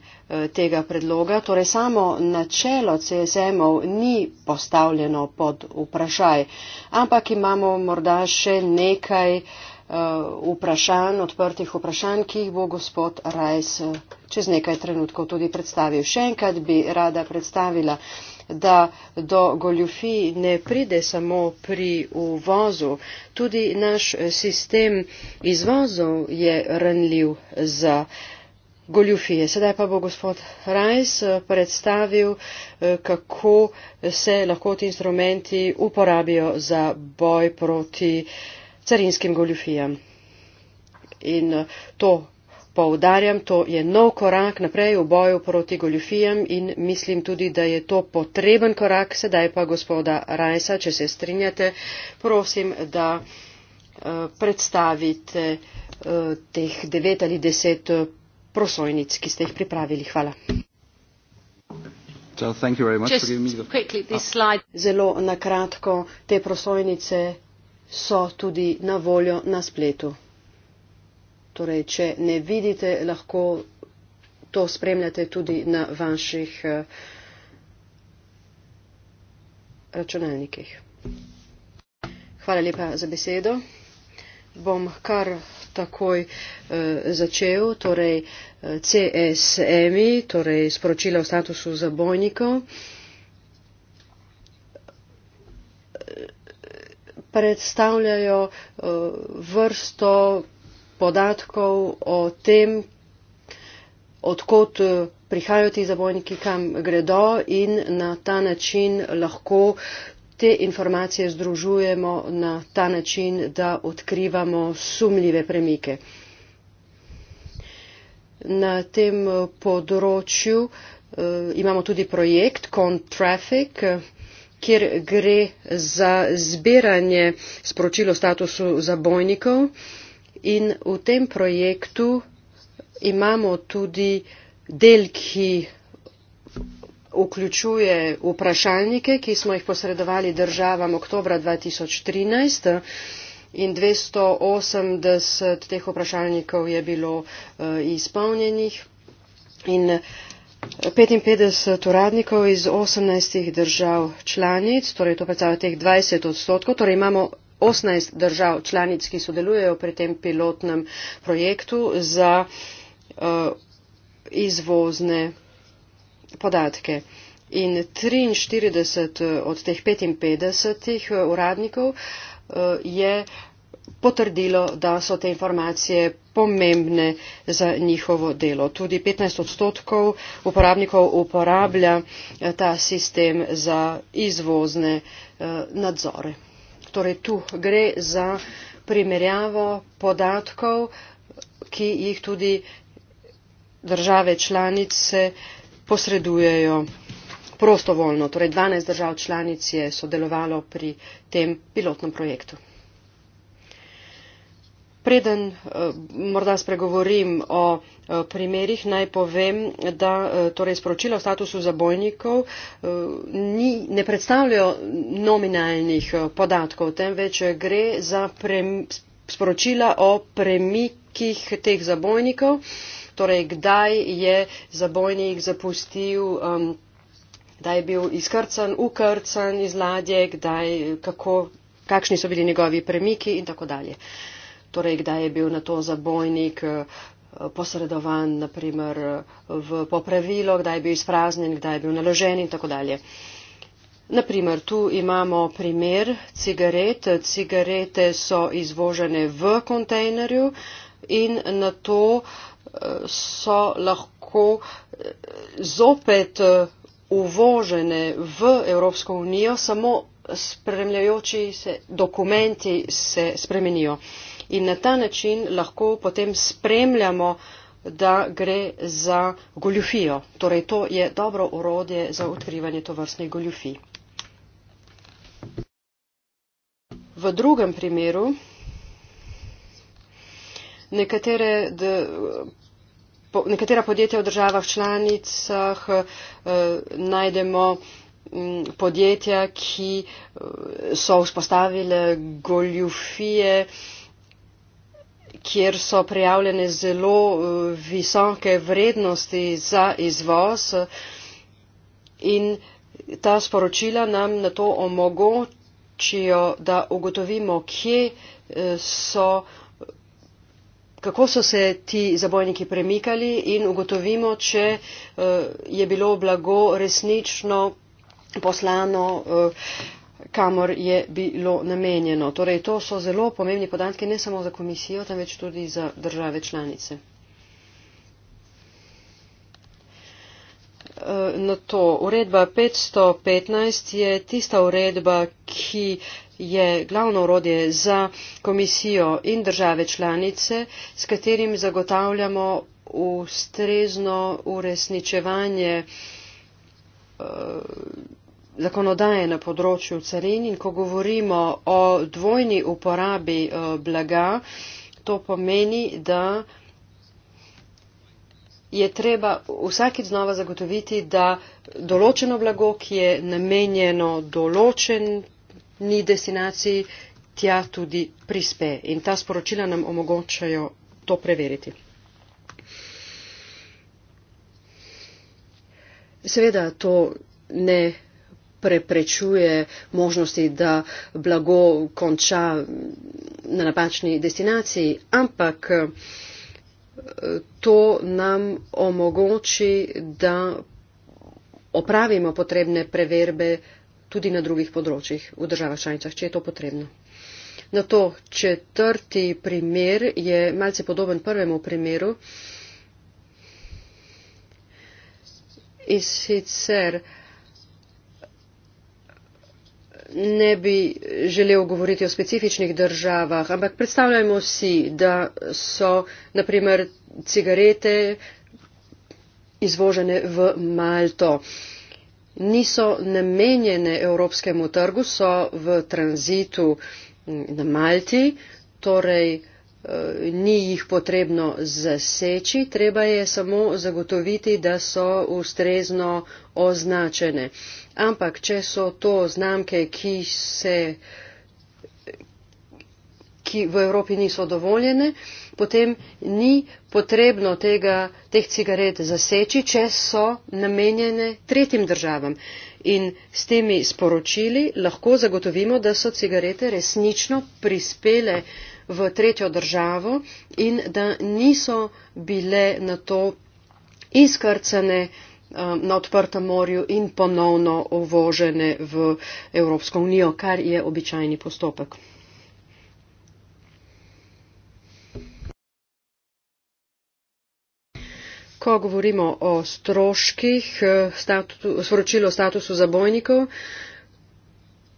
tega predloga, torej samo načelo CSM-ov ni postavljeno pod vprašaj, ampak imamo morda še nekaj uh, Eh, vprašanj, odprtih vprašanj, ki jih bo gospod Rajs eh, čez nekaj trenutkov tudi predstavil. Še enkrat bi rada predstavila, da do goljufi ne pride samo pri uvozu, tudi naš eh, sistem izvozov je ranljiv za. Goljufije. Sedaj pa bo gospod Rajs predstavil, kako se lahko ti instrumenti uporabijo za boj proti uh, carinskim goljufijam. In eh, to poudarjam, to je nov korak naprej v boju proti goljufijam in mislim tudi, da je to potreben korak. Sedaj pa gospoda Rajsa, če se strinjate, prosim, da eh, predstavite eh, teh devet ali deset prosojnic, ki ste jih pripravili. Hvala. So, Just quickly, this ah. slide. Zelo nakratko te prosojnice so tudi na voljo na spletu. Torej, če ne vidite, lahko to spremljate tudi na vaših eh, računalnikih. Hvala lepa za besedo. Bom kar takoj eh, začel, torej eh, CSM-i, torej sporočila o statusu zabojnikov. Eh, predstavljajo eh, vrsto podatkov o tem, odkot eh, prihajajo ti zabojniki, kam gredo in na ta način lahko te informacije združujemo na ta način, da odkrivamo sumljive premike. Na tem področju uh, imamo tudi projekt Contrafic, uh, kjer gre za zbiranje sporočilo statusu zabojnikov in v tem projektu imamo tudi del, ki vključuje vprašalnike, ki smo jih posredovali državam oktobra 2013. In 280 teh vprašalnikov je bilo uh, izpolnjenih. In uh, petinpetdeset uradnikov iz osemnajstih držav članic torej to predstavlja teh dvajset odstotkov torej imamo osemnajst držav članic ki sodelujejo pri tem pilotnem projektu za uh, izvozne podatke in triinštirideset od teh petinpetdesetih uradnikov uh, je uh, potrdilo, da so te informacije pomembne za njihovo delo. Tudi 15 odstotkov uporabnikov uporablja eh, ta sistem za izvozne eh, nadzore. Torej, tu gre za primerjavo podatkov, ki jih tudi države članice posredujejo prostovoljno. Torej, 12 držav članic je sodelovalo pri tem pilotnem projektu preden eh, morda spregovorim o eh, primerih, naj povem, da eh, torej sporočila o statusu zabojnikov ni, ne predstavljajo nominalnih podatkov, temveč gre za prem, sporočila o premikih teh zabojnikov, torej kdaj je zabojnik zapustil. Um, kdaj je bil izkrcan, ukrcan iz ladje, kdaj, kako, kakšni so bili njegovi premiki in tako dalje. Uh, torej kdaj je bil eh, na to zabojnik posredovan, naprimer eh, v popravilo, kdaj je bil izpraznjen, kdaj je bil naložen in tako dalje. Naprimer, tu imamo primer cigaret. Cigarete so izvožene v kontejnerju in na to eh, so lahko zopet uvožene v Evropsko unijo, samo spremljajoči se dokumenti se spremenijo in na ta način lahko potem spremljamo, da gre za goljufijo. Torej, to je dobro urodje za odkrivanje tovrstnih goljufij. V drugem primeru nekatere, po, nekatera podjetja v državah članicah eh, najdemo mm, podjetja, ki eh, so vzpostavile goljufije eh, kjer so prijavljene zelo eh, visoke vrednosti za izvoz in ta sporočila nam na to omogočijo, da ugotovimo, kje eh, so, kako so se ti zabojniki premikali in ugotovimo, če eh, je bilo blago resnično poslano kamor je bilo namenjeno. Torej, to so zelo pomembni podatki ne samo za komisijo, temveč tudi za države članice. E, na to uredba 515 je tista uredba, ki je glavno urodje za komisijo in države članice, s katerim zagotavljamo ustrezno uresničevanje e, zakonodaje na področju carin in ko govorimo o dvojni uporabi eh, blaga, to pomeni, da je treba vsakeč znova zagotoviti, da določeno blago, ki je namenjeno določeni destinaciji, tja tudi prispe. In ta sporočila nam omogočajo to preveriti. Seveda to ne preprečuje možnosti, da blago konča na napačni destinaciji, ampak eh, to nam omogoči, da opravimo potrebne preverbe tudi na drugih področjih v državah članicah, če je to potrebno. Na to četrti primer je malce podoben prvemu primeru. In sicer uh, ne bi želel govoriti o specifičnih državah, ampak predstavljajmo si, da so naprimer cigarete izvožene v Malto. Niso namenjene evropskemu trgu, so v tranzitu na Malti, torej Eh, ni jih potrebno zaseči, treba je samo zagotoviti, da so ustrezno označene. Ampak, če so to znamke, ki se ki v Evropi niso dovoljene, potem ni potrebno tega, teh cigaret zaseči, če so namenjene tretjim državam. In s temi sporočili lahko zagotovimo, da so cigarete resnično prispele uh, v tretjo državo in da niso bile na to izkrcane um, na odprtem morju in ponovno uvožene v Evropsko unijo, kar je običajni postopek. Ko govorimo o stroških, eh, sporočilo statusu zabojnikov,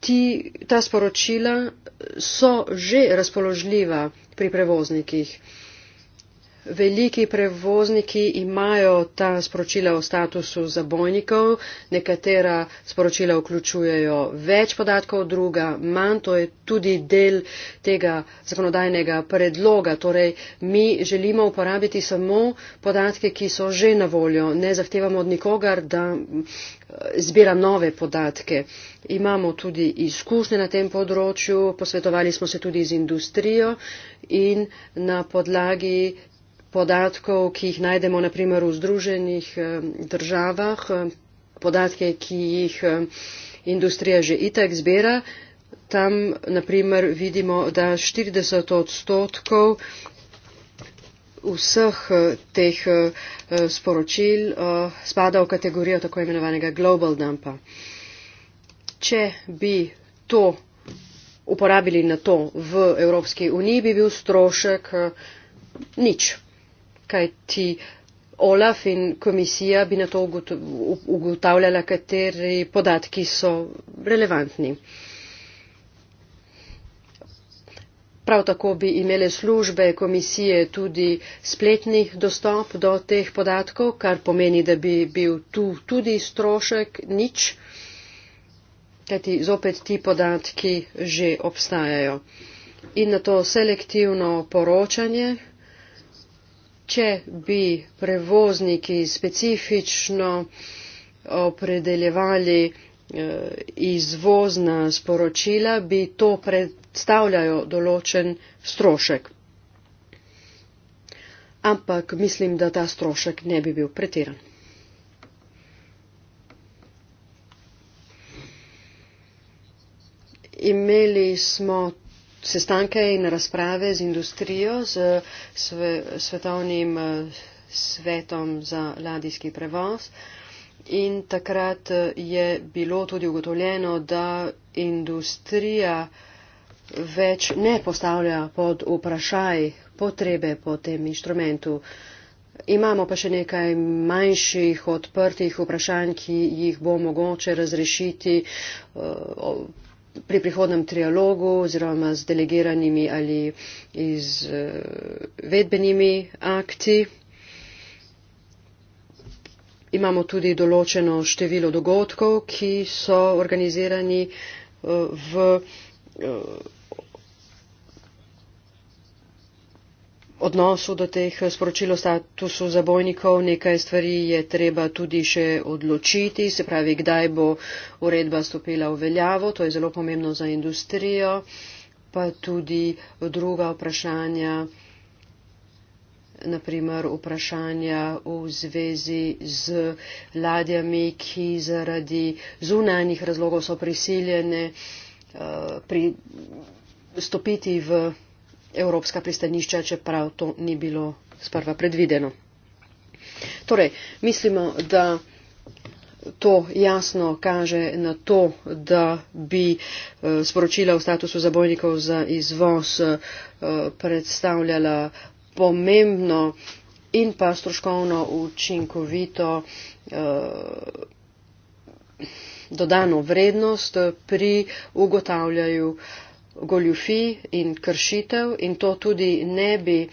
ti, ta sporočila so že razpoložljiva pri prevoznikih. Veliki prevozniki imajo ta sporočila o statusu zabojnikov, nekatera sporočila vključujejo več podatkov, druga manj, to je tudi del tega zakonodajnega predloga. Torej, mi želimo uporabiti samo podatke, ki so že na voljo, ne zahtevamo od nikogar, da eh, zbira nove podatke. Imamo tudi izkušnje na tem področju, posvetovali smo se tudi z industrijo in na podlagi podatkov, ki jih najdemo naprimer v združenih eh, državah, eh, podatke, ki jih eh, industrija že itek zbira. Tam naprimer vidimo, da 40 odstotkov vseh teh sporočil spada v kategorijo tako imenovanega global dumpa. Če bi to uporabili na to v Evropski uniji, bi bil strošek nič kaj ti OLAF in komisija bi na to ugotavljala, kateri podatki so relevantni. Prav tako bi imele službe komisije tudi spletni dostop do teh podatkov, kar pomeni, da bi bil tu tudi strošek nič, kajti zopet ti podatki že obstajajo. In na to selektivno poročanje, če bi prevozniki specifično opredeljevali eh, izvozna sporočila, bi to predstavljajo določen strošek. Ampak mislim, da ta strošek ne bi bil pretiran. Imeli smo sestanke in razprave z industrijo, z sve, svetovnim eh, svetom za ladijski prevoz. In takrat eh, je bilo tudi ugotovljeno, da industrija več ne postavlja pod vprašaj potrebe po tem inštrumentu. Imamo pa še nekaj manjših odprtih vprašanj, ki jih bo mogoče razrešiti. Uh, pri prihodnem trialogu oziroma z delegiranimi ali z eh, vedbenimi akti. Imamo tudi določeno število dogodkov, ki so organizirani eh, v eh, odnosu do teh eh, sporočil o statusu zabojnikov. Nekaj stvari je treba tudi še odločiti, se pravi, kdaj bo uredba stopila v veljavo. To je zelo pomembno za industrijo, pa tudi druga vprašanja, naprimer vprašanja v zvezi z ladjami, ki zaradi zunanjih razlogov so prisiljene uh, pri stopiti v evropska pristanišča, čeprav to ni bilo sprva predvideno. Torej, mislimo, da to jasno kaže na to, da bi eh, sporočila o statusu zabojnikov za izvoz eh, predstavljala pomembno in pa stroškovno učinkovito eh, dodano vrednost pri ugotavljanju goljufij in kršitev in to tudi ne bi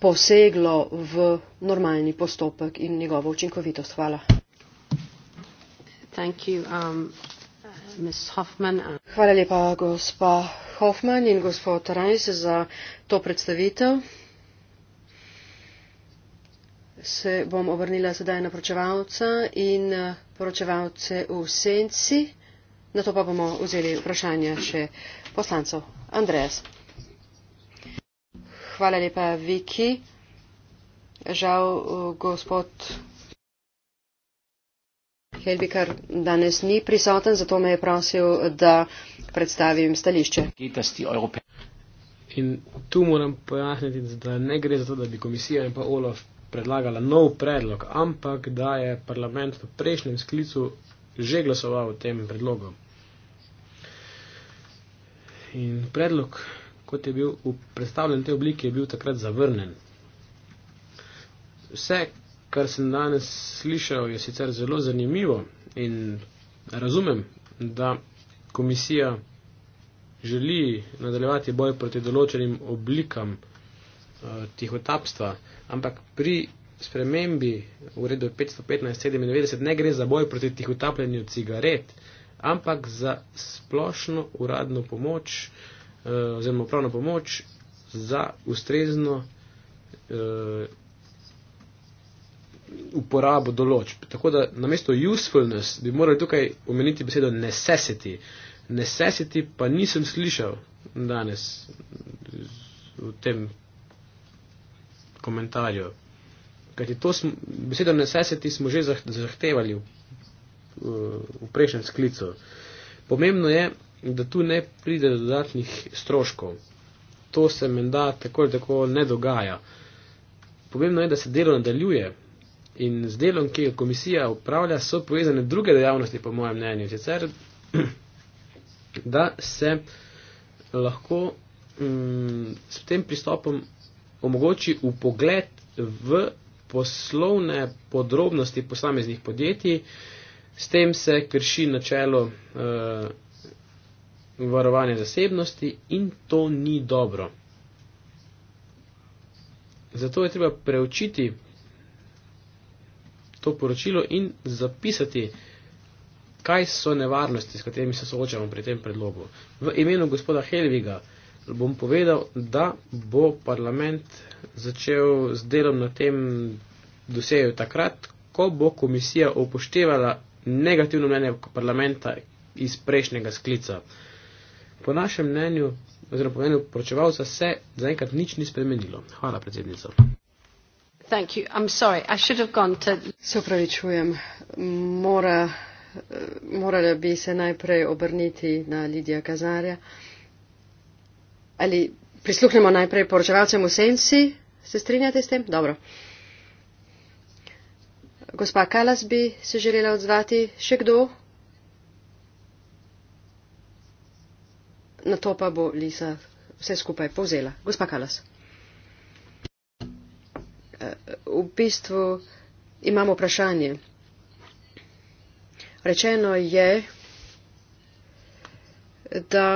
poseglo v normalni postopek in njegovo učinkovitost. Hvala. Um, Hvala lepa, gospa Hoffman in gospod Reis za to predstavitev. Se bom obrnila sedaj na poročevalca in eh, poročevalce v senci nato pa bomo vzeli vprašanje še poslancev. Andreas. Hvala lepa, Viki. Žal, gospod Helbikar danes ni prisoten, zato me je prosil, da predstavim stališče. In tu moram pojasniti, da ne gre za to, da bi komisija in pa Olaf predlagala nov predlog, ampak da je parlament v prejšnjem sklicu že glasoval o tem predlogu in predlog, kot je bil predstavljen v tej obliki, je bil takrat zavrnen. Vse, kar sem danes slišal, je sicer zelo zanimivo in razumem, da komisija želi nadaljevati boj proti določenim oblikam uh, tihotapstva, ampak pri spremembi uredbe 515.97 ne gre za boj proti tihotapljenju cigaret, uh, ampak za splošno uradno pomoč eh, oziroma pravno pomoč za ustrezno eh, uporabo določb. Tako da namesto usefulness bi morali tukaj omeniti besedo necessity. Necessity pa nisem slišal danes v tem komentarju. Kajti to smo, besedo necessity smo že zahtevali v prejšnjem sklicu. Pomembno je, da tu ne pride do dodatnih stroškov. To se menda tako ali tako ne dogaja. Pomembno je, da se delo nadaljuje in z delom, ki jo komisija upravlja, so povezane druge dejavnosti, po mojem mnenju, sicer da se lahko mm, s tem pristopom omogoči upogled v poslovne podrobnosti posameznih podjetij. S tem se krši načelo uh, varovanja zasebnosti in to ni dobro. Zato je treba preučiti to poročilo in zapisati, kaj so nevarnosti, s katerimi se soočamo pri tem predlogu. V imenu gospoda Helviga bom povedal, da bo parlament začel z delom na tem dosegu takrat, ko bo komisija upoštevala negativno mnenje parlamenta iz prejšnjega sklica. Po našem mnenju, oziroma po mnenju poročevalca, se zaenkrat nič ni spremenilo. Hvala, predsednica. Thank you. I'm sorry. I should have gone to... Se upravičujem. Mora, morala bi se najprej obrniti na Lidija Kazarja. Ali prisluhnemo najprej poročevalcem v senci? Se strinjate s tem? Dobro. Uh, Gospa Kalas bi se želela odzvati. Še kdo? Na to pa bo Lisa vse skupaj povzela. Gospa Kalas. Eh, v bistvu imamo vprašanje. Rečeno je, da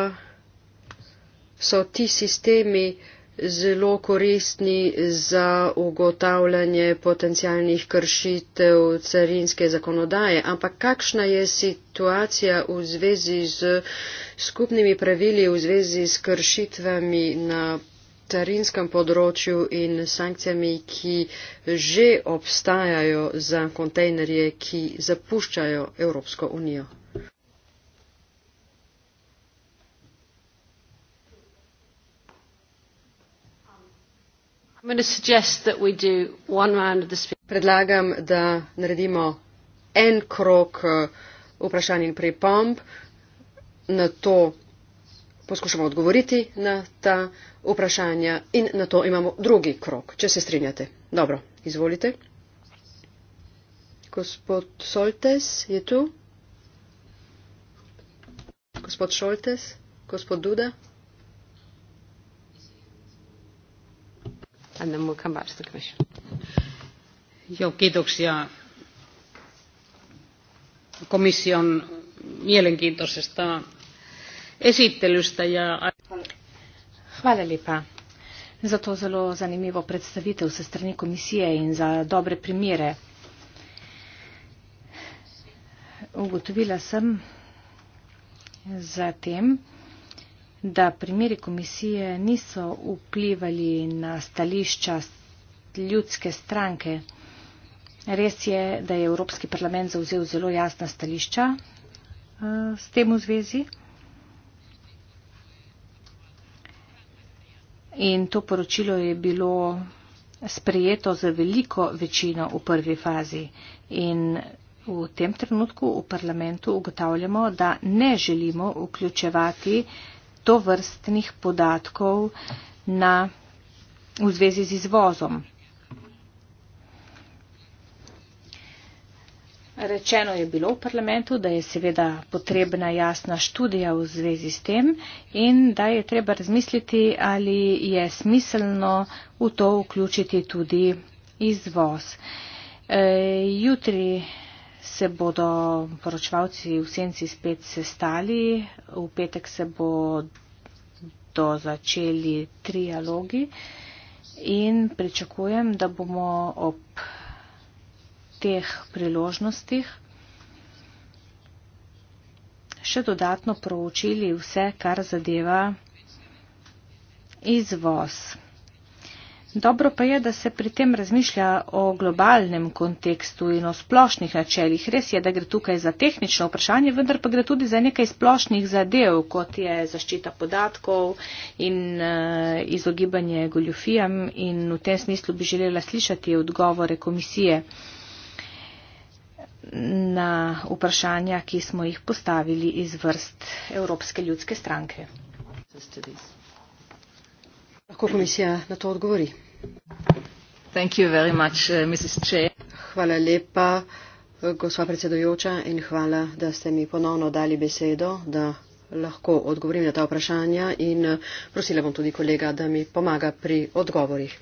so ti sistemi uh, zelo koristni za ugotavljanje potencijalnih kršitev carinske zakonodaje. Ampak kakšna je situacija v zvezi z skupnimi pravili, v zvezi s kršitvami na carinskem področju in sankcijami, ki že obstajajo za kontejnerje, ki zapuščajo Evropsko unijo? Predlagam, da naredimo en krok eh, vprašanj in pripomb, na to poskušamo odgovoriti na ta vprašanja in na to imamo drugi krok, če se strinjate. Dobro, izvolite. Gospod Soltes je tu. Gospod Šoltes, gospod Duda. and then we'll come back to the Commission. Joo, kiitoksia komission mielenkiintoisesta esittelystä. Ja... Hvala lepa za to zelo zanimivo predstavitev se strani komisije in za dobre primere. Ugotovila sem za tem, da primeri komisije niso vplivali na stališča ljudske stranke. Res je, da je Evropski parlament zauzel zelo jasna stališča eh, s tem v zvezi. In to poročilo je bilo sprejeto za veliko večino v prvi fazi. In v tem trenutku v parlamentu ugotavljamo, da ne želimo vključevati eh, to vrstnih podatkov na, v zvezi z izvozom. Rečeno je bilo v parlamentu, da je seveda potrebna jasna študija v zvezi s tem in da je treba razmisliti, ali je smiselno v to vključiti tudi izvoz. E, jutri se bodo poročevalci v senci spet sestali. V petek se bodo začeli trialogi in pričakujem, da bomo ob teh priložnostih še dodatno proučili vse, kar zadeva izvoz. Dobro pa je, da se pri tem razmišlja o globalnem kontekstu in o splošnih načelih. Res je, da gre tukaj za tehnično vprašanje, vendar pa gre tudi za nekaj splošnih zadev, kot je zaščita podatkov in uh, izogibanje goljufijam in v tem smislu bi želela slišati odgovore komisije na vprašanja, ki smo jih postavili iz vrst Evropske ljudske stranke. Lahko komisija na to odgovori. Uh, hvala lepa, uh, gospa predsedujoča, in hvala, da ste mi ponovno dali besedo, da lahko odgovorim na ta vprašanja in uh, prosila bom tudi kolega, da mi pomaga pri odgovorih.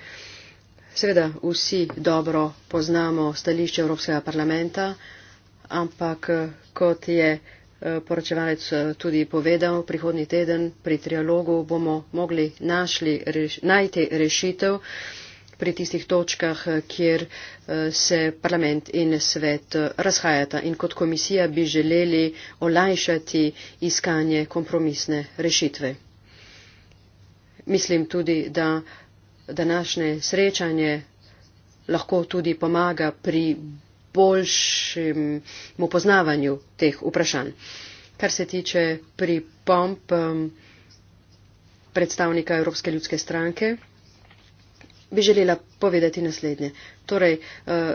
Seveda vsi dobro poznamo stališče Evropskega parlamenta, ampak kot je poročevalec eh, tudi povedal, prihodni teden pri trialogu bomo mogli našli, reš, najti rešitev pri tistih točkah, eh, kjer eh, se parlament in svet razhajata. In kot komisija bi želeli olajšati iskanje kompromisne rešitve. Mislim tudi, da današnje srečanje lahko tudi pomaga pri boljšemu poznavanju teh vprašanj. Kar se tiče pripomp um, predstavnika Evropske ljudske stranke, bi želela povedati naslednje. Torej, uh,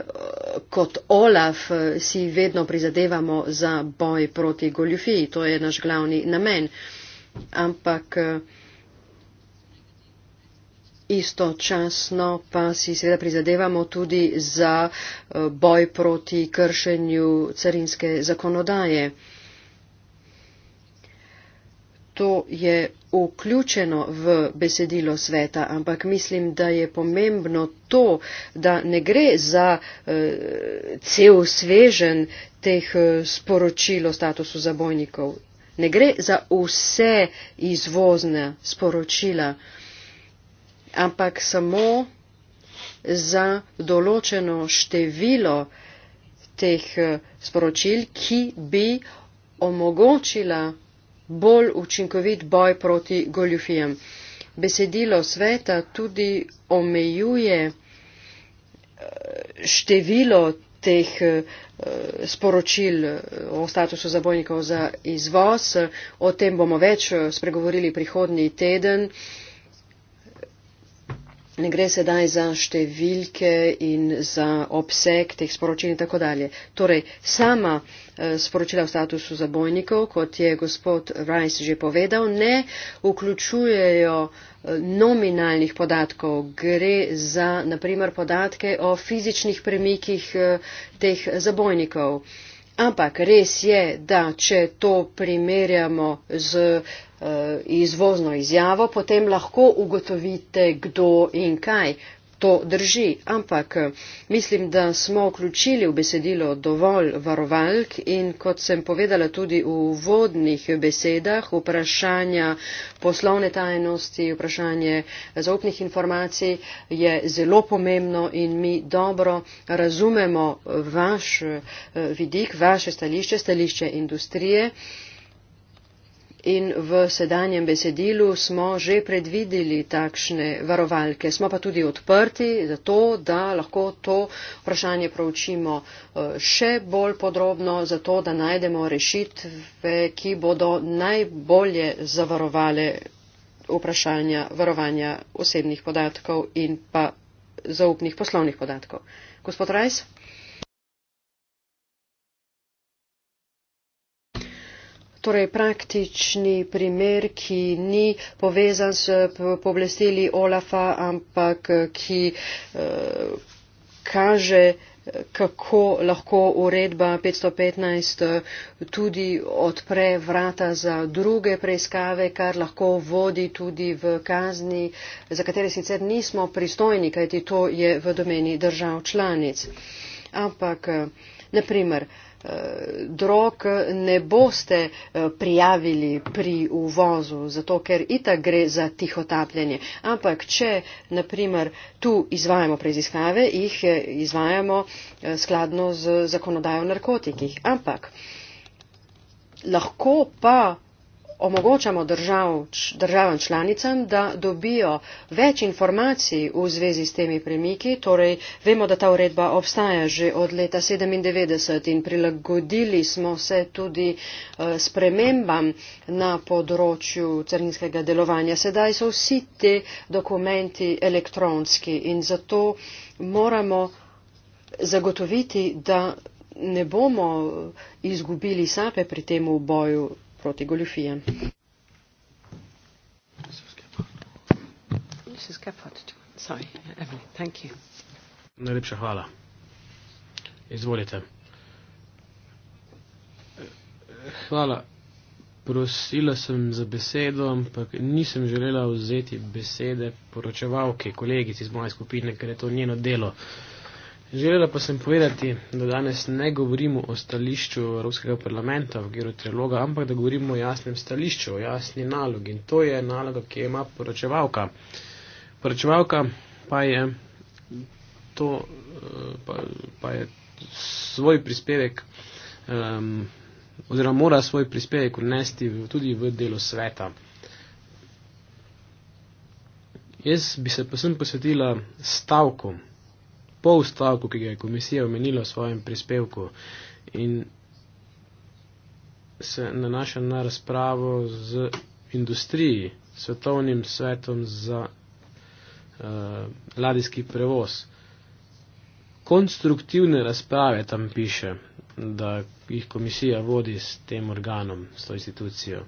kot Olaf uh, si vedno prizadevamo za boj proti goljufiji, to je naš glavni namen. Ampak uh, istočasno pa si seveda prizadevamo tudi za eh, boj proti kršenju carinske zakonodaje. To je vključeno v besedilo sveta, ampak mislim, da je pomembno to, da ne gre za eh, cel svežen teh eh, sporočil o statusu zabojnikov. Ne gre za vse izvozne sporočila ampak samo za določeno število teh eh, sporočil, ki bi omogočila bolj učinkovit boj proti goljufijam. Besedilo sveta tudi omejuje eh, število teh eh, sporočil o statusu zabojnikov za izvoz. O tem bomo več spregovorili prihodnji teden. Ne gre sedaj za številke in za obseg teh sporočil in tako dalje. Torej, sama eh, sporočila v statusu zabojnikov, kot je gospod Rice že povedal, ne vključujejo eh, nominalnih podatkov. Gre za, naprimer, podatke o fizičnih premikih eh, teh zabojnikov. Ampak res je, da če to primerjamo z Eh, izvozno izjavo, potem lahko ugotovite, kdo in kaj. To drži, ampak eh, mislim, da smo vključili v besedilo dovolj varovalk in kot sem povedala tudi v vodnih besedah, vprašanja poslovne tajnosti, vprašanje zaupnih informacij je zelo pomembno in mi dobro razumemo vaš eh, vidik, vaše stališče, stališče industrije. Uh, in v sedanjem besedilu smo že predvideli takšne varovalke. Smo pa tudi odprti za to, da lahko to vprašanje proučimo eh, še bolj podrobno, zato da najdemo rešitve, ki bodo najbolje zavarovale vprašanja varovanja osebnih podatkov in pa zaupnih poslovnih podatkov. Gospod Rajs? torej praktični primer, ki ni povezan s poblestili Olafa, ampak ki eh, kaže, kako lahko uredba 515 eh, tudi odpre vrata za druge preiskave, kar lahko vodi tudi v kazni, za katere sicer nismo pristojni, kajti to je v domeni držav članic. Ampak, eh, naprimer, Eh, drog ne boste eh, prijavili pri uvozu, zato ker itak gre za tihotapljanje. Ampak, če naprimer tu izvajamo preiziskave, jih eh, izvajamo skladno z zakonodajo o narkotikih. Ampak, lahko pa omogočamo držav, državam članicam, da dobijo več informacij v zvezi s temi premiki, torej vemo, da ta uredba obstaja že od leta 1997 in prilagodili smo se tudi eh, spremembam na področju crninskega delovanja. Sedaj so vsi te dokumenti elektronski in zato moramo zagotoviti, da ne bomo izgubili sape pri tem boju proti goljufijem. Najlepša hvala. Izvolite. Hvala. Prosila sem za besedo, ampak nisem želela vzeti besede poročevalke, kolegici iz moje skupine, ker je to njeno delo. Uh, Želela pa sem povedati, da danes ne govorimo o stališču Evropskega parlamenta v geru triloga, ampak da govorimo o jasnem stališču, o jasni nalogi. In to je naloga, ki jo ima poročevalka. Poročevalka pa je, to, eh, pa, pa je svoj prispevek, um, oziroma mora svoj prispevek unesti tudi v delo sveta. Jaz bi se posem posvetila stavkom pol stavku, ki ga je komisija omenila v svojem prispevku in se nanaša na razpravo z industriji, svetovnim svetom za uh, ladijski prevoz. Konstruktivne razprave tam piše, da jih komisija vodi s tem organom, s to institucijo.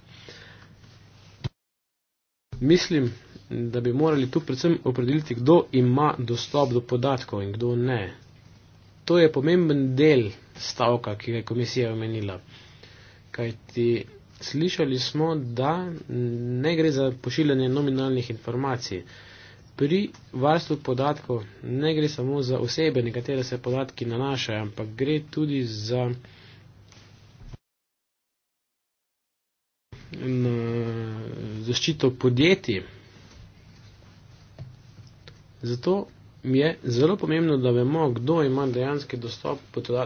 Mislim, da bi morali tu predvsem opredeliti, kdo ima dostop do podatkov in kdo ne. To je pomemben del stavka, ki ga je komisija omenila. Kajti slišali smo, da ne gre za pošiljanje nominalnih informacij. Pri varstvu podatkov ne gre samo za osebe, na katere se podatki nanašajo, ampak gre tudi za mm, zaščito podjetij. Zato je zelo pomembno, da vemo, kdo ima dejanski dostop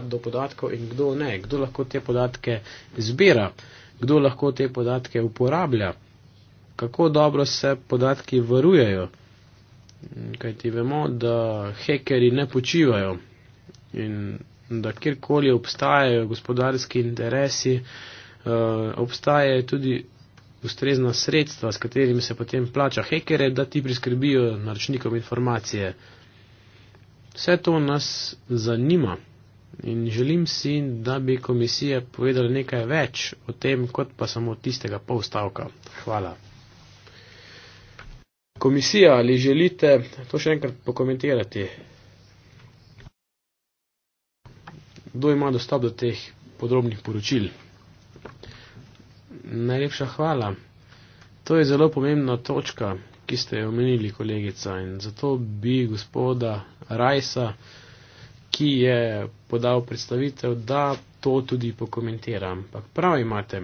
do podatkov in kdo ne, kdo lahko te podatke zbira, kdo lahko te podatke uporablja, kako dobro se podatki varujejo. Kaj ti vemo, da hekeri ne počivajo in da kjerkoli obstajajo gospodarski interesi, eh, obstajajo tudi ustrezna sredstva, s katerimi se potem plača hekere, da ti priskrbijo naročnikom informacije. Vse to nas zanima in želim si, da bi komisija povedala nekaj več o tem, kot pa samo tistega pol stavka. Hvala. Komisija, ali želite to še enkrat pokomentirati? Kdo ima dostop do teh podrobnih poročil? Najlepša hvala. To je zelo pomembna točka, ki ste jo omenili, kolegica. In zato bi gospoda Rajsa, ki je podal predstavitev, da to tudi pokomentiram. Pak prav imate.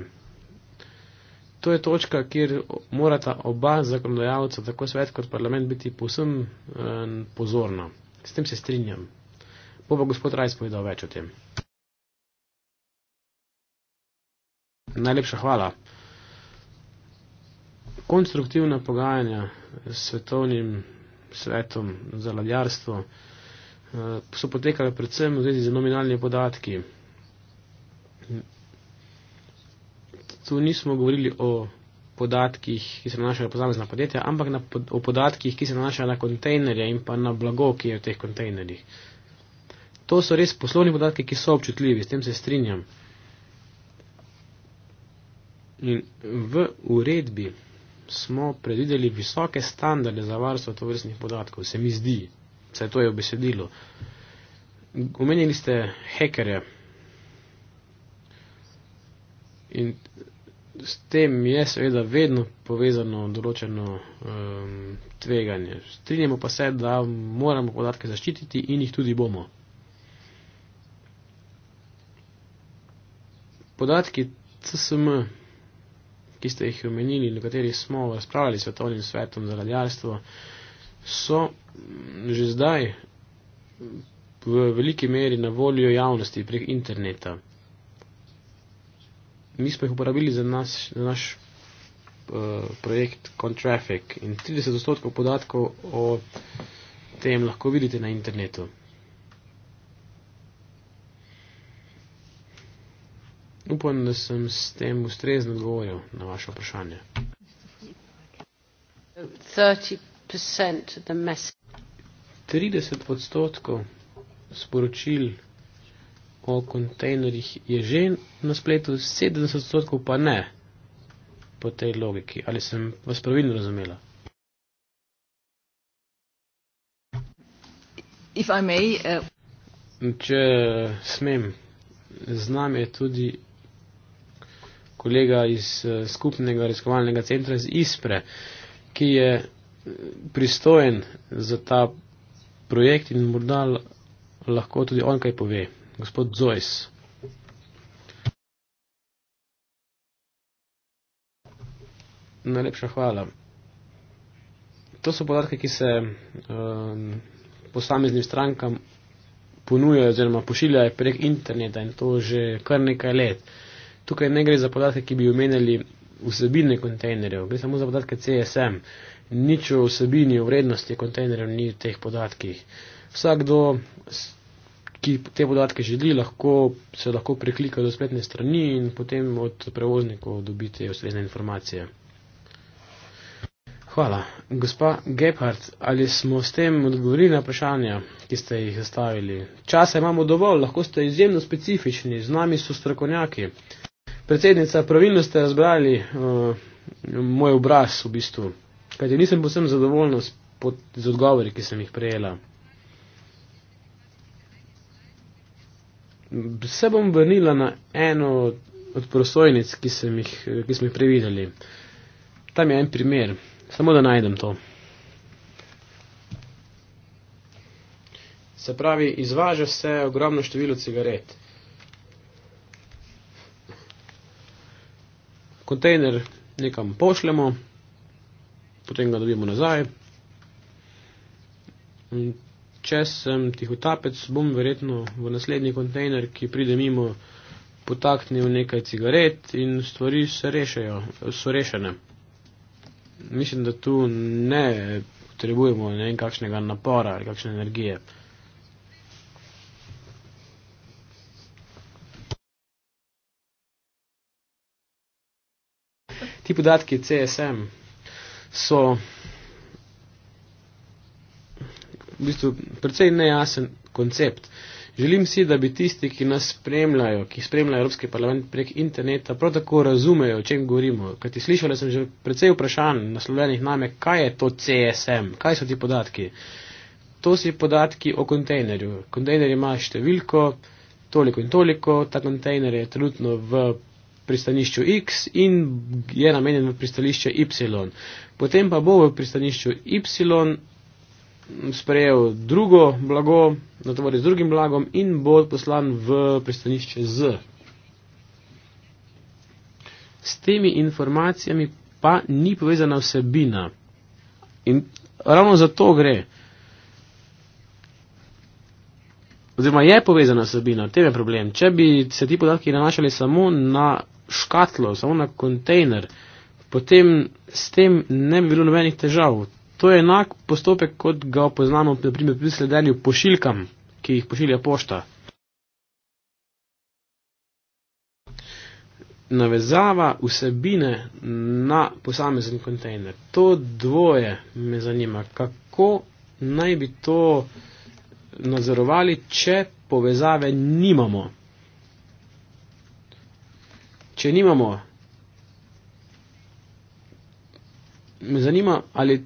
To je točka, kjer morata oba zakonodajalca, tako svet kot parlament, biti posem eh, pozorna. S tem se strinjam. Bo pa gospod Rajs povedal več o tem. Najlepša hvala. Konstruktivna pogajanja s svetovnim svetom za ladjarstvo eh, so potekale predvsem v zvezi z nominalnimi podatki. Tu nismo govorili o podatkih, ki se nanašajo na posamezna podjetja, ampak na pod o podatkih, ki se nanašajo na kontejnerje in pa na blago, ki je v teh kontejnerjih. To so res poslovni podatki, ki so občutljivi, s tem se strinjam. In v uredbi smo predvideli visoke standarde za varstvo tovrstnih podatkov, se mi zdi, vse to je v besedilu. Omenili ste hekerje in s tem je seveda vedno povezano določeno um, tveganje. Strinjamo pa se, da moramo podatke zaščititi in jih tudi bomo. Podatki CSM ki ste jih omenili, na katerih smo razpravljali s svetovnim svetom za radijalstvo, so že zdaj v veliki meri na voljo javnosti prek interneta. Mi smo jih uporabili za, nas, za naš uh, projekt ContraFic in 30% podatkov o tem lahko vidite na internetu. Upam, da sem s tem ustrezno odgovoril na vaše vprašanje. Trideset odstotkov sporočil o kontejnerjih je že na spletu, sedemdeset odstotkov pa ne po tej logiki. Ali sem vas pravilno razumela? May, uh... Če smem, z nami je tudi kolega iz eh, skupnega reskovalnega centra iz Ispre, ki je eh, pristojen za ta projekt in morda lahko tudi on kaj pove. Gospod Zois. Najlepša hvala. To so podatke, ki se um, posameznim strankam ponujajo oziroma pošiljajo prek interneta in to že kar nekaj let. Uh, Tukaj ne gre za podatke, ki bi omenjali vsebine kontejnerjev, gre samo za podatke CSM. Nič o vsebini, o vrednosti kontejnerjev ni v teh podatkih. Vsakdo, ki te podatke želi, lahko, se lahko preklika do spletne strani in potem od prevoznikov dobite ustrezne informacije. Hvala. Gospa Gebhardt, ali smo s tem odgovorili na vprašanja, ki ste jih zastavili? Časa imamo dovolj, lahko ste izjemno specifični, z nami so strokovnjaki predsednica, pravilno ste razbrali uh, moj obraz, v bistvu. Kajti nisem posebno zadovoljna z, z odgovori, ki sem jih prejela. Se bom vrnila na eno od prosojnic, ki, jih, ki smo jih prevideli. Tam je en primer, samo da najdem to. Se pravi, izvaža se ogromno število cigaret. kontejner nekam pošljemo, potem ga dobimo nazaj. Če sem tihotapec, bom verjetno v naslednji kontejner, ki pride mimo, potaknil nekaj cigaret in stvari se rešejo, so rešene. Mislim, da tu ne potrebujemo ne kakšnega napora ali kakšne energije. Ti podatki CSM so v bistvu precej nejasen koncept. Želim si, da bi tisti, ki nas spremljajo, ki spremljajo Evropski parlament prek interneta, prav tako razumejo, o čem govorimo. Kaj ti slišala sem že precej vprašanj naslovljenih name, kaj je to CSM, kaj so ti podatki. To so podatki o kontejnerju. Kontejner ima številko, toliko in toliko, ta kontejner je trenutno v pristanišču X in je namenjen v pristanišče Y. Potem pa bo v pristanišču Y sprejel drugo blago, na tovori z drugim blagom in bo poslan v pristanišče Z. S temi informacijami pa ni povezana vsebina. In ravno za to gre. Oziroma je povezana vsebina, v tem je problem. Če bi se ti podatki nanašali samo na škatlo, samo na kontejner, potem s tem ne bi bilo nobenih težav. To je enak postopek, kot ga poznamo naprimer, pri sledenju pošiljkam, ki jih pošilja pošta. Navezava vsebine na posamezen kontejner. To dvoje me zanima, kako naj bi to nadzorovali, če povezave nimamo če nimamo, me zanima, ali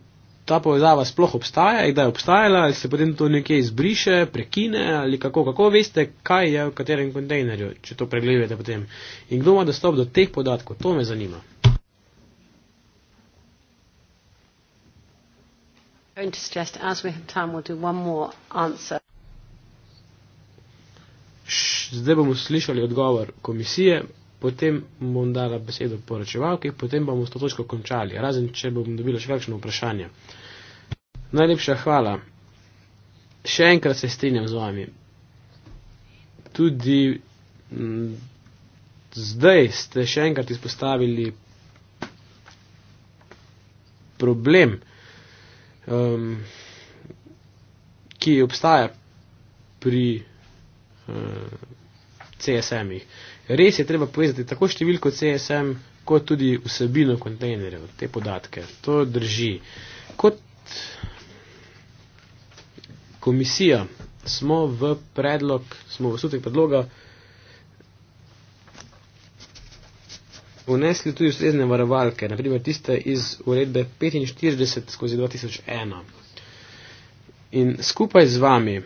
ta povezava sploh obstaja, da je obstajala, ali se potem to nekje izbriše, prekine ali kako, kako veste, kaj je v katerem kontejnerju, če to pregledujete potem. In kdo ima dostop do teh podatkov, to me zanima. Zdaj bomo slišali odgovor komisije, potem bom dala besedo poročevalki, potem bomo s to točko končali, razen če bom dobila še kakšno vprašanje. Najlepša hvala. Še enkrat se strinjam z vami. Tudi zdaj ste še enkrat izpostavili problem, um, ki obstaja pri uh, eh, CSM-ih res je treba povezati tako številko CSM, kot tudi vsebino kontejnerjev, te podatke. To drži. Kot komisija smo v predlog, smo v sutek predloga vnesli tudi ustrezne varovalke, naprimer tiste iz uredbe 45 skozi 2001. In skupaj z vami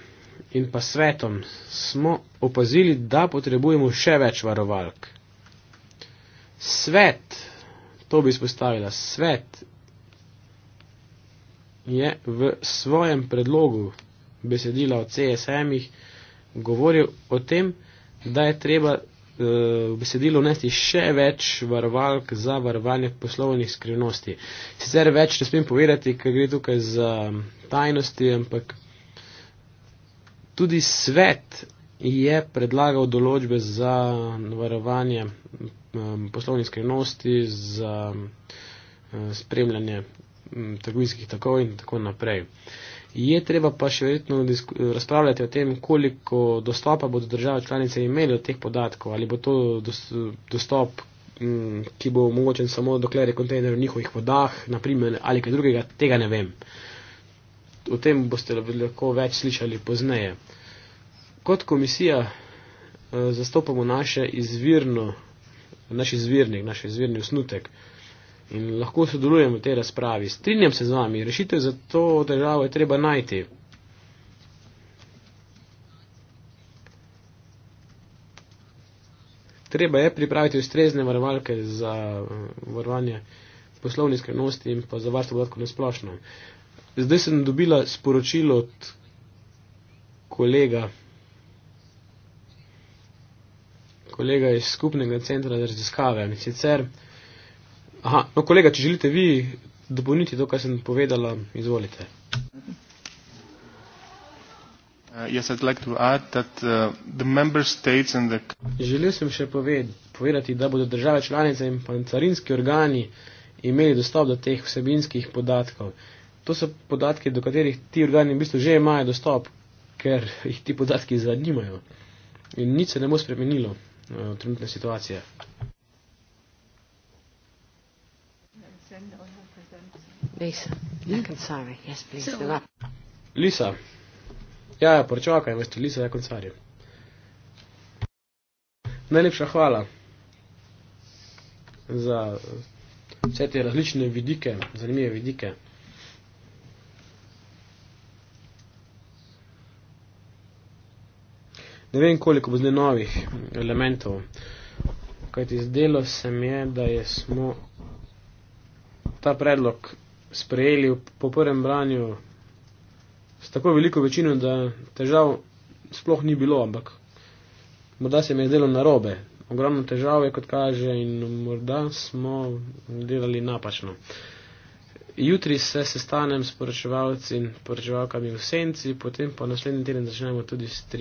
in pa svetom smo opazili, da potrebujemo še več varovalk. Svet, to bi spostavila, svet je v svojem predlogu besedila o CSM-ih govoril o tem, da je treba eh, v uh, besedilo vnesti še več varovalk za varovanje poslovnih skrivnosti. Sicer več ne smem povedati, ker gre tukaj za tajnosti, ampak Tudi svet je predlagal določbe za varovanje um, poslovnih skrivnosti, za um, spremljanje um, trgovinskih takov in tako naprej. Je treba pa še verjetno razpravljati o tem, koliko dostopa bodo države članice imeli od teh podatkov, ali bo to dostop, ki bo omogočen samo dokler je kontejner v njihovih vodah, naprimer, ali kaj drugega, tega ne vem o tem boste lahko več slišali pozneje. Kot komisija eh, zastopamo naše izvirno, naš izvirnik, naš izvirni osnutek in lahko sodelujemo v tej razpravi. Strinjam se z vami, rešitev za to državo je treba najti. Treba je pripraviti ustrezne varovalke za eh, varovanje poslovne skrivnosti in pa za varstvo podatkov nasplošno. Zdaj sem dobila sporočilo od kolega, kolega iz skupnega centra za raziskave. In sicer, aha, no, kolega, če želite vi dopolniti to, kar sem povedala, izvolite. Uh, uh, Želel sem še poved, povedati, da bodo države članice in carinski organi imeli dostop do teh vsebinskih podatkov to so podatki, do katerih ti organi v bistvu že imajo dostop, ker jih ti podatki zanimajo. In nič se ne bo spremenilo v eh, trenutne situacije. Lisa. Ja, ja, počakaj, veste, Lisa, ja, koncari. Najlepša hvala za vse te različne vidike, zanimive vidike. ne vem, koliko bo zdaj novih elementov. Kaj ti zdelo se mi je, da je smo ta predlog sprejeli po prvem branju s tako veliko večino, da težav sploh ni bilo, ampak morda se mi je zdelo narobe. Ogromno težav je, kot kaže, in morda smo delali napačno. Jutri se sestanem s poročevalci in poročevalkami v senci, potem pa naslednji teden začnemo tudi s tri.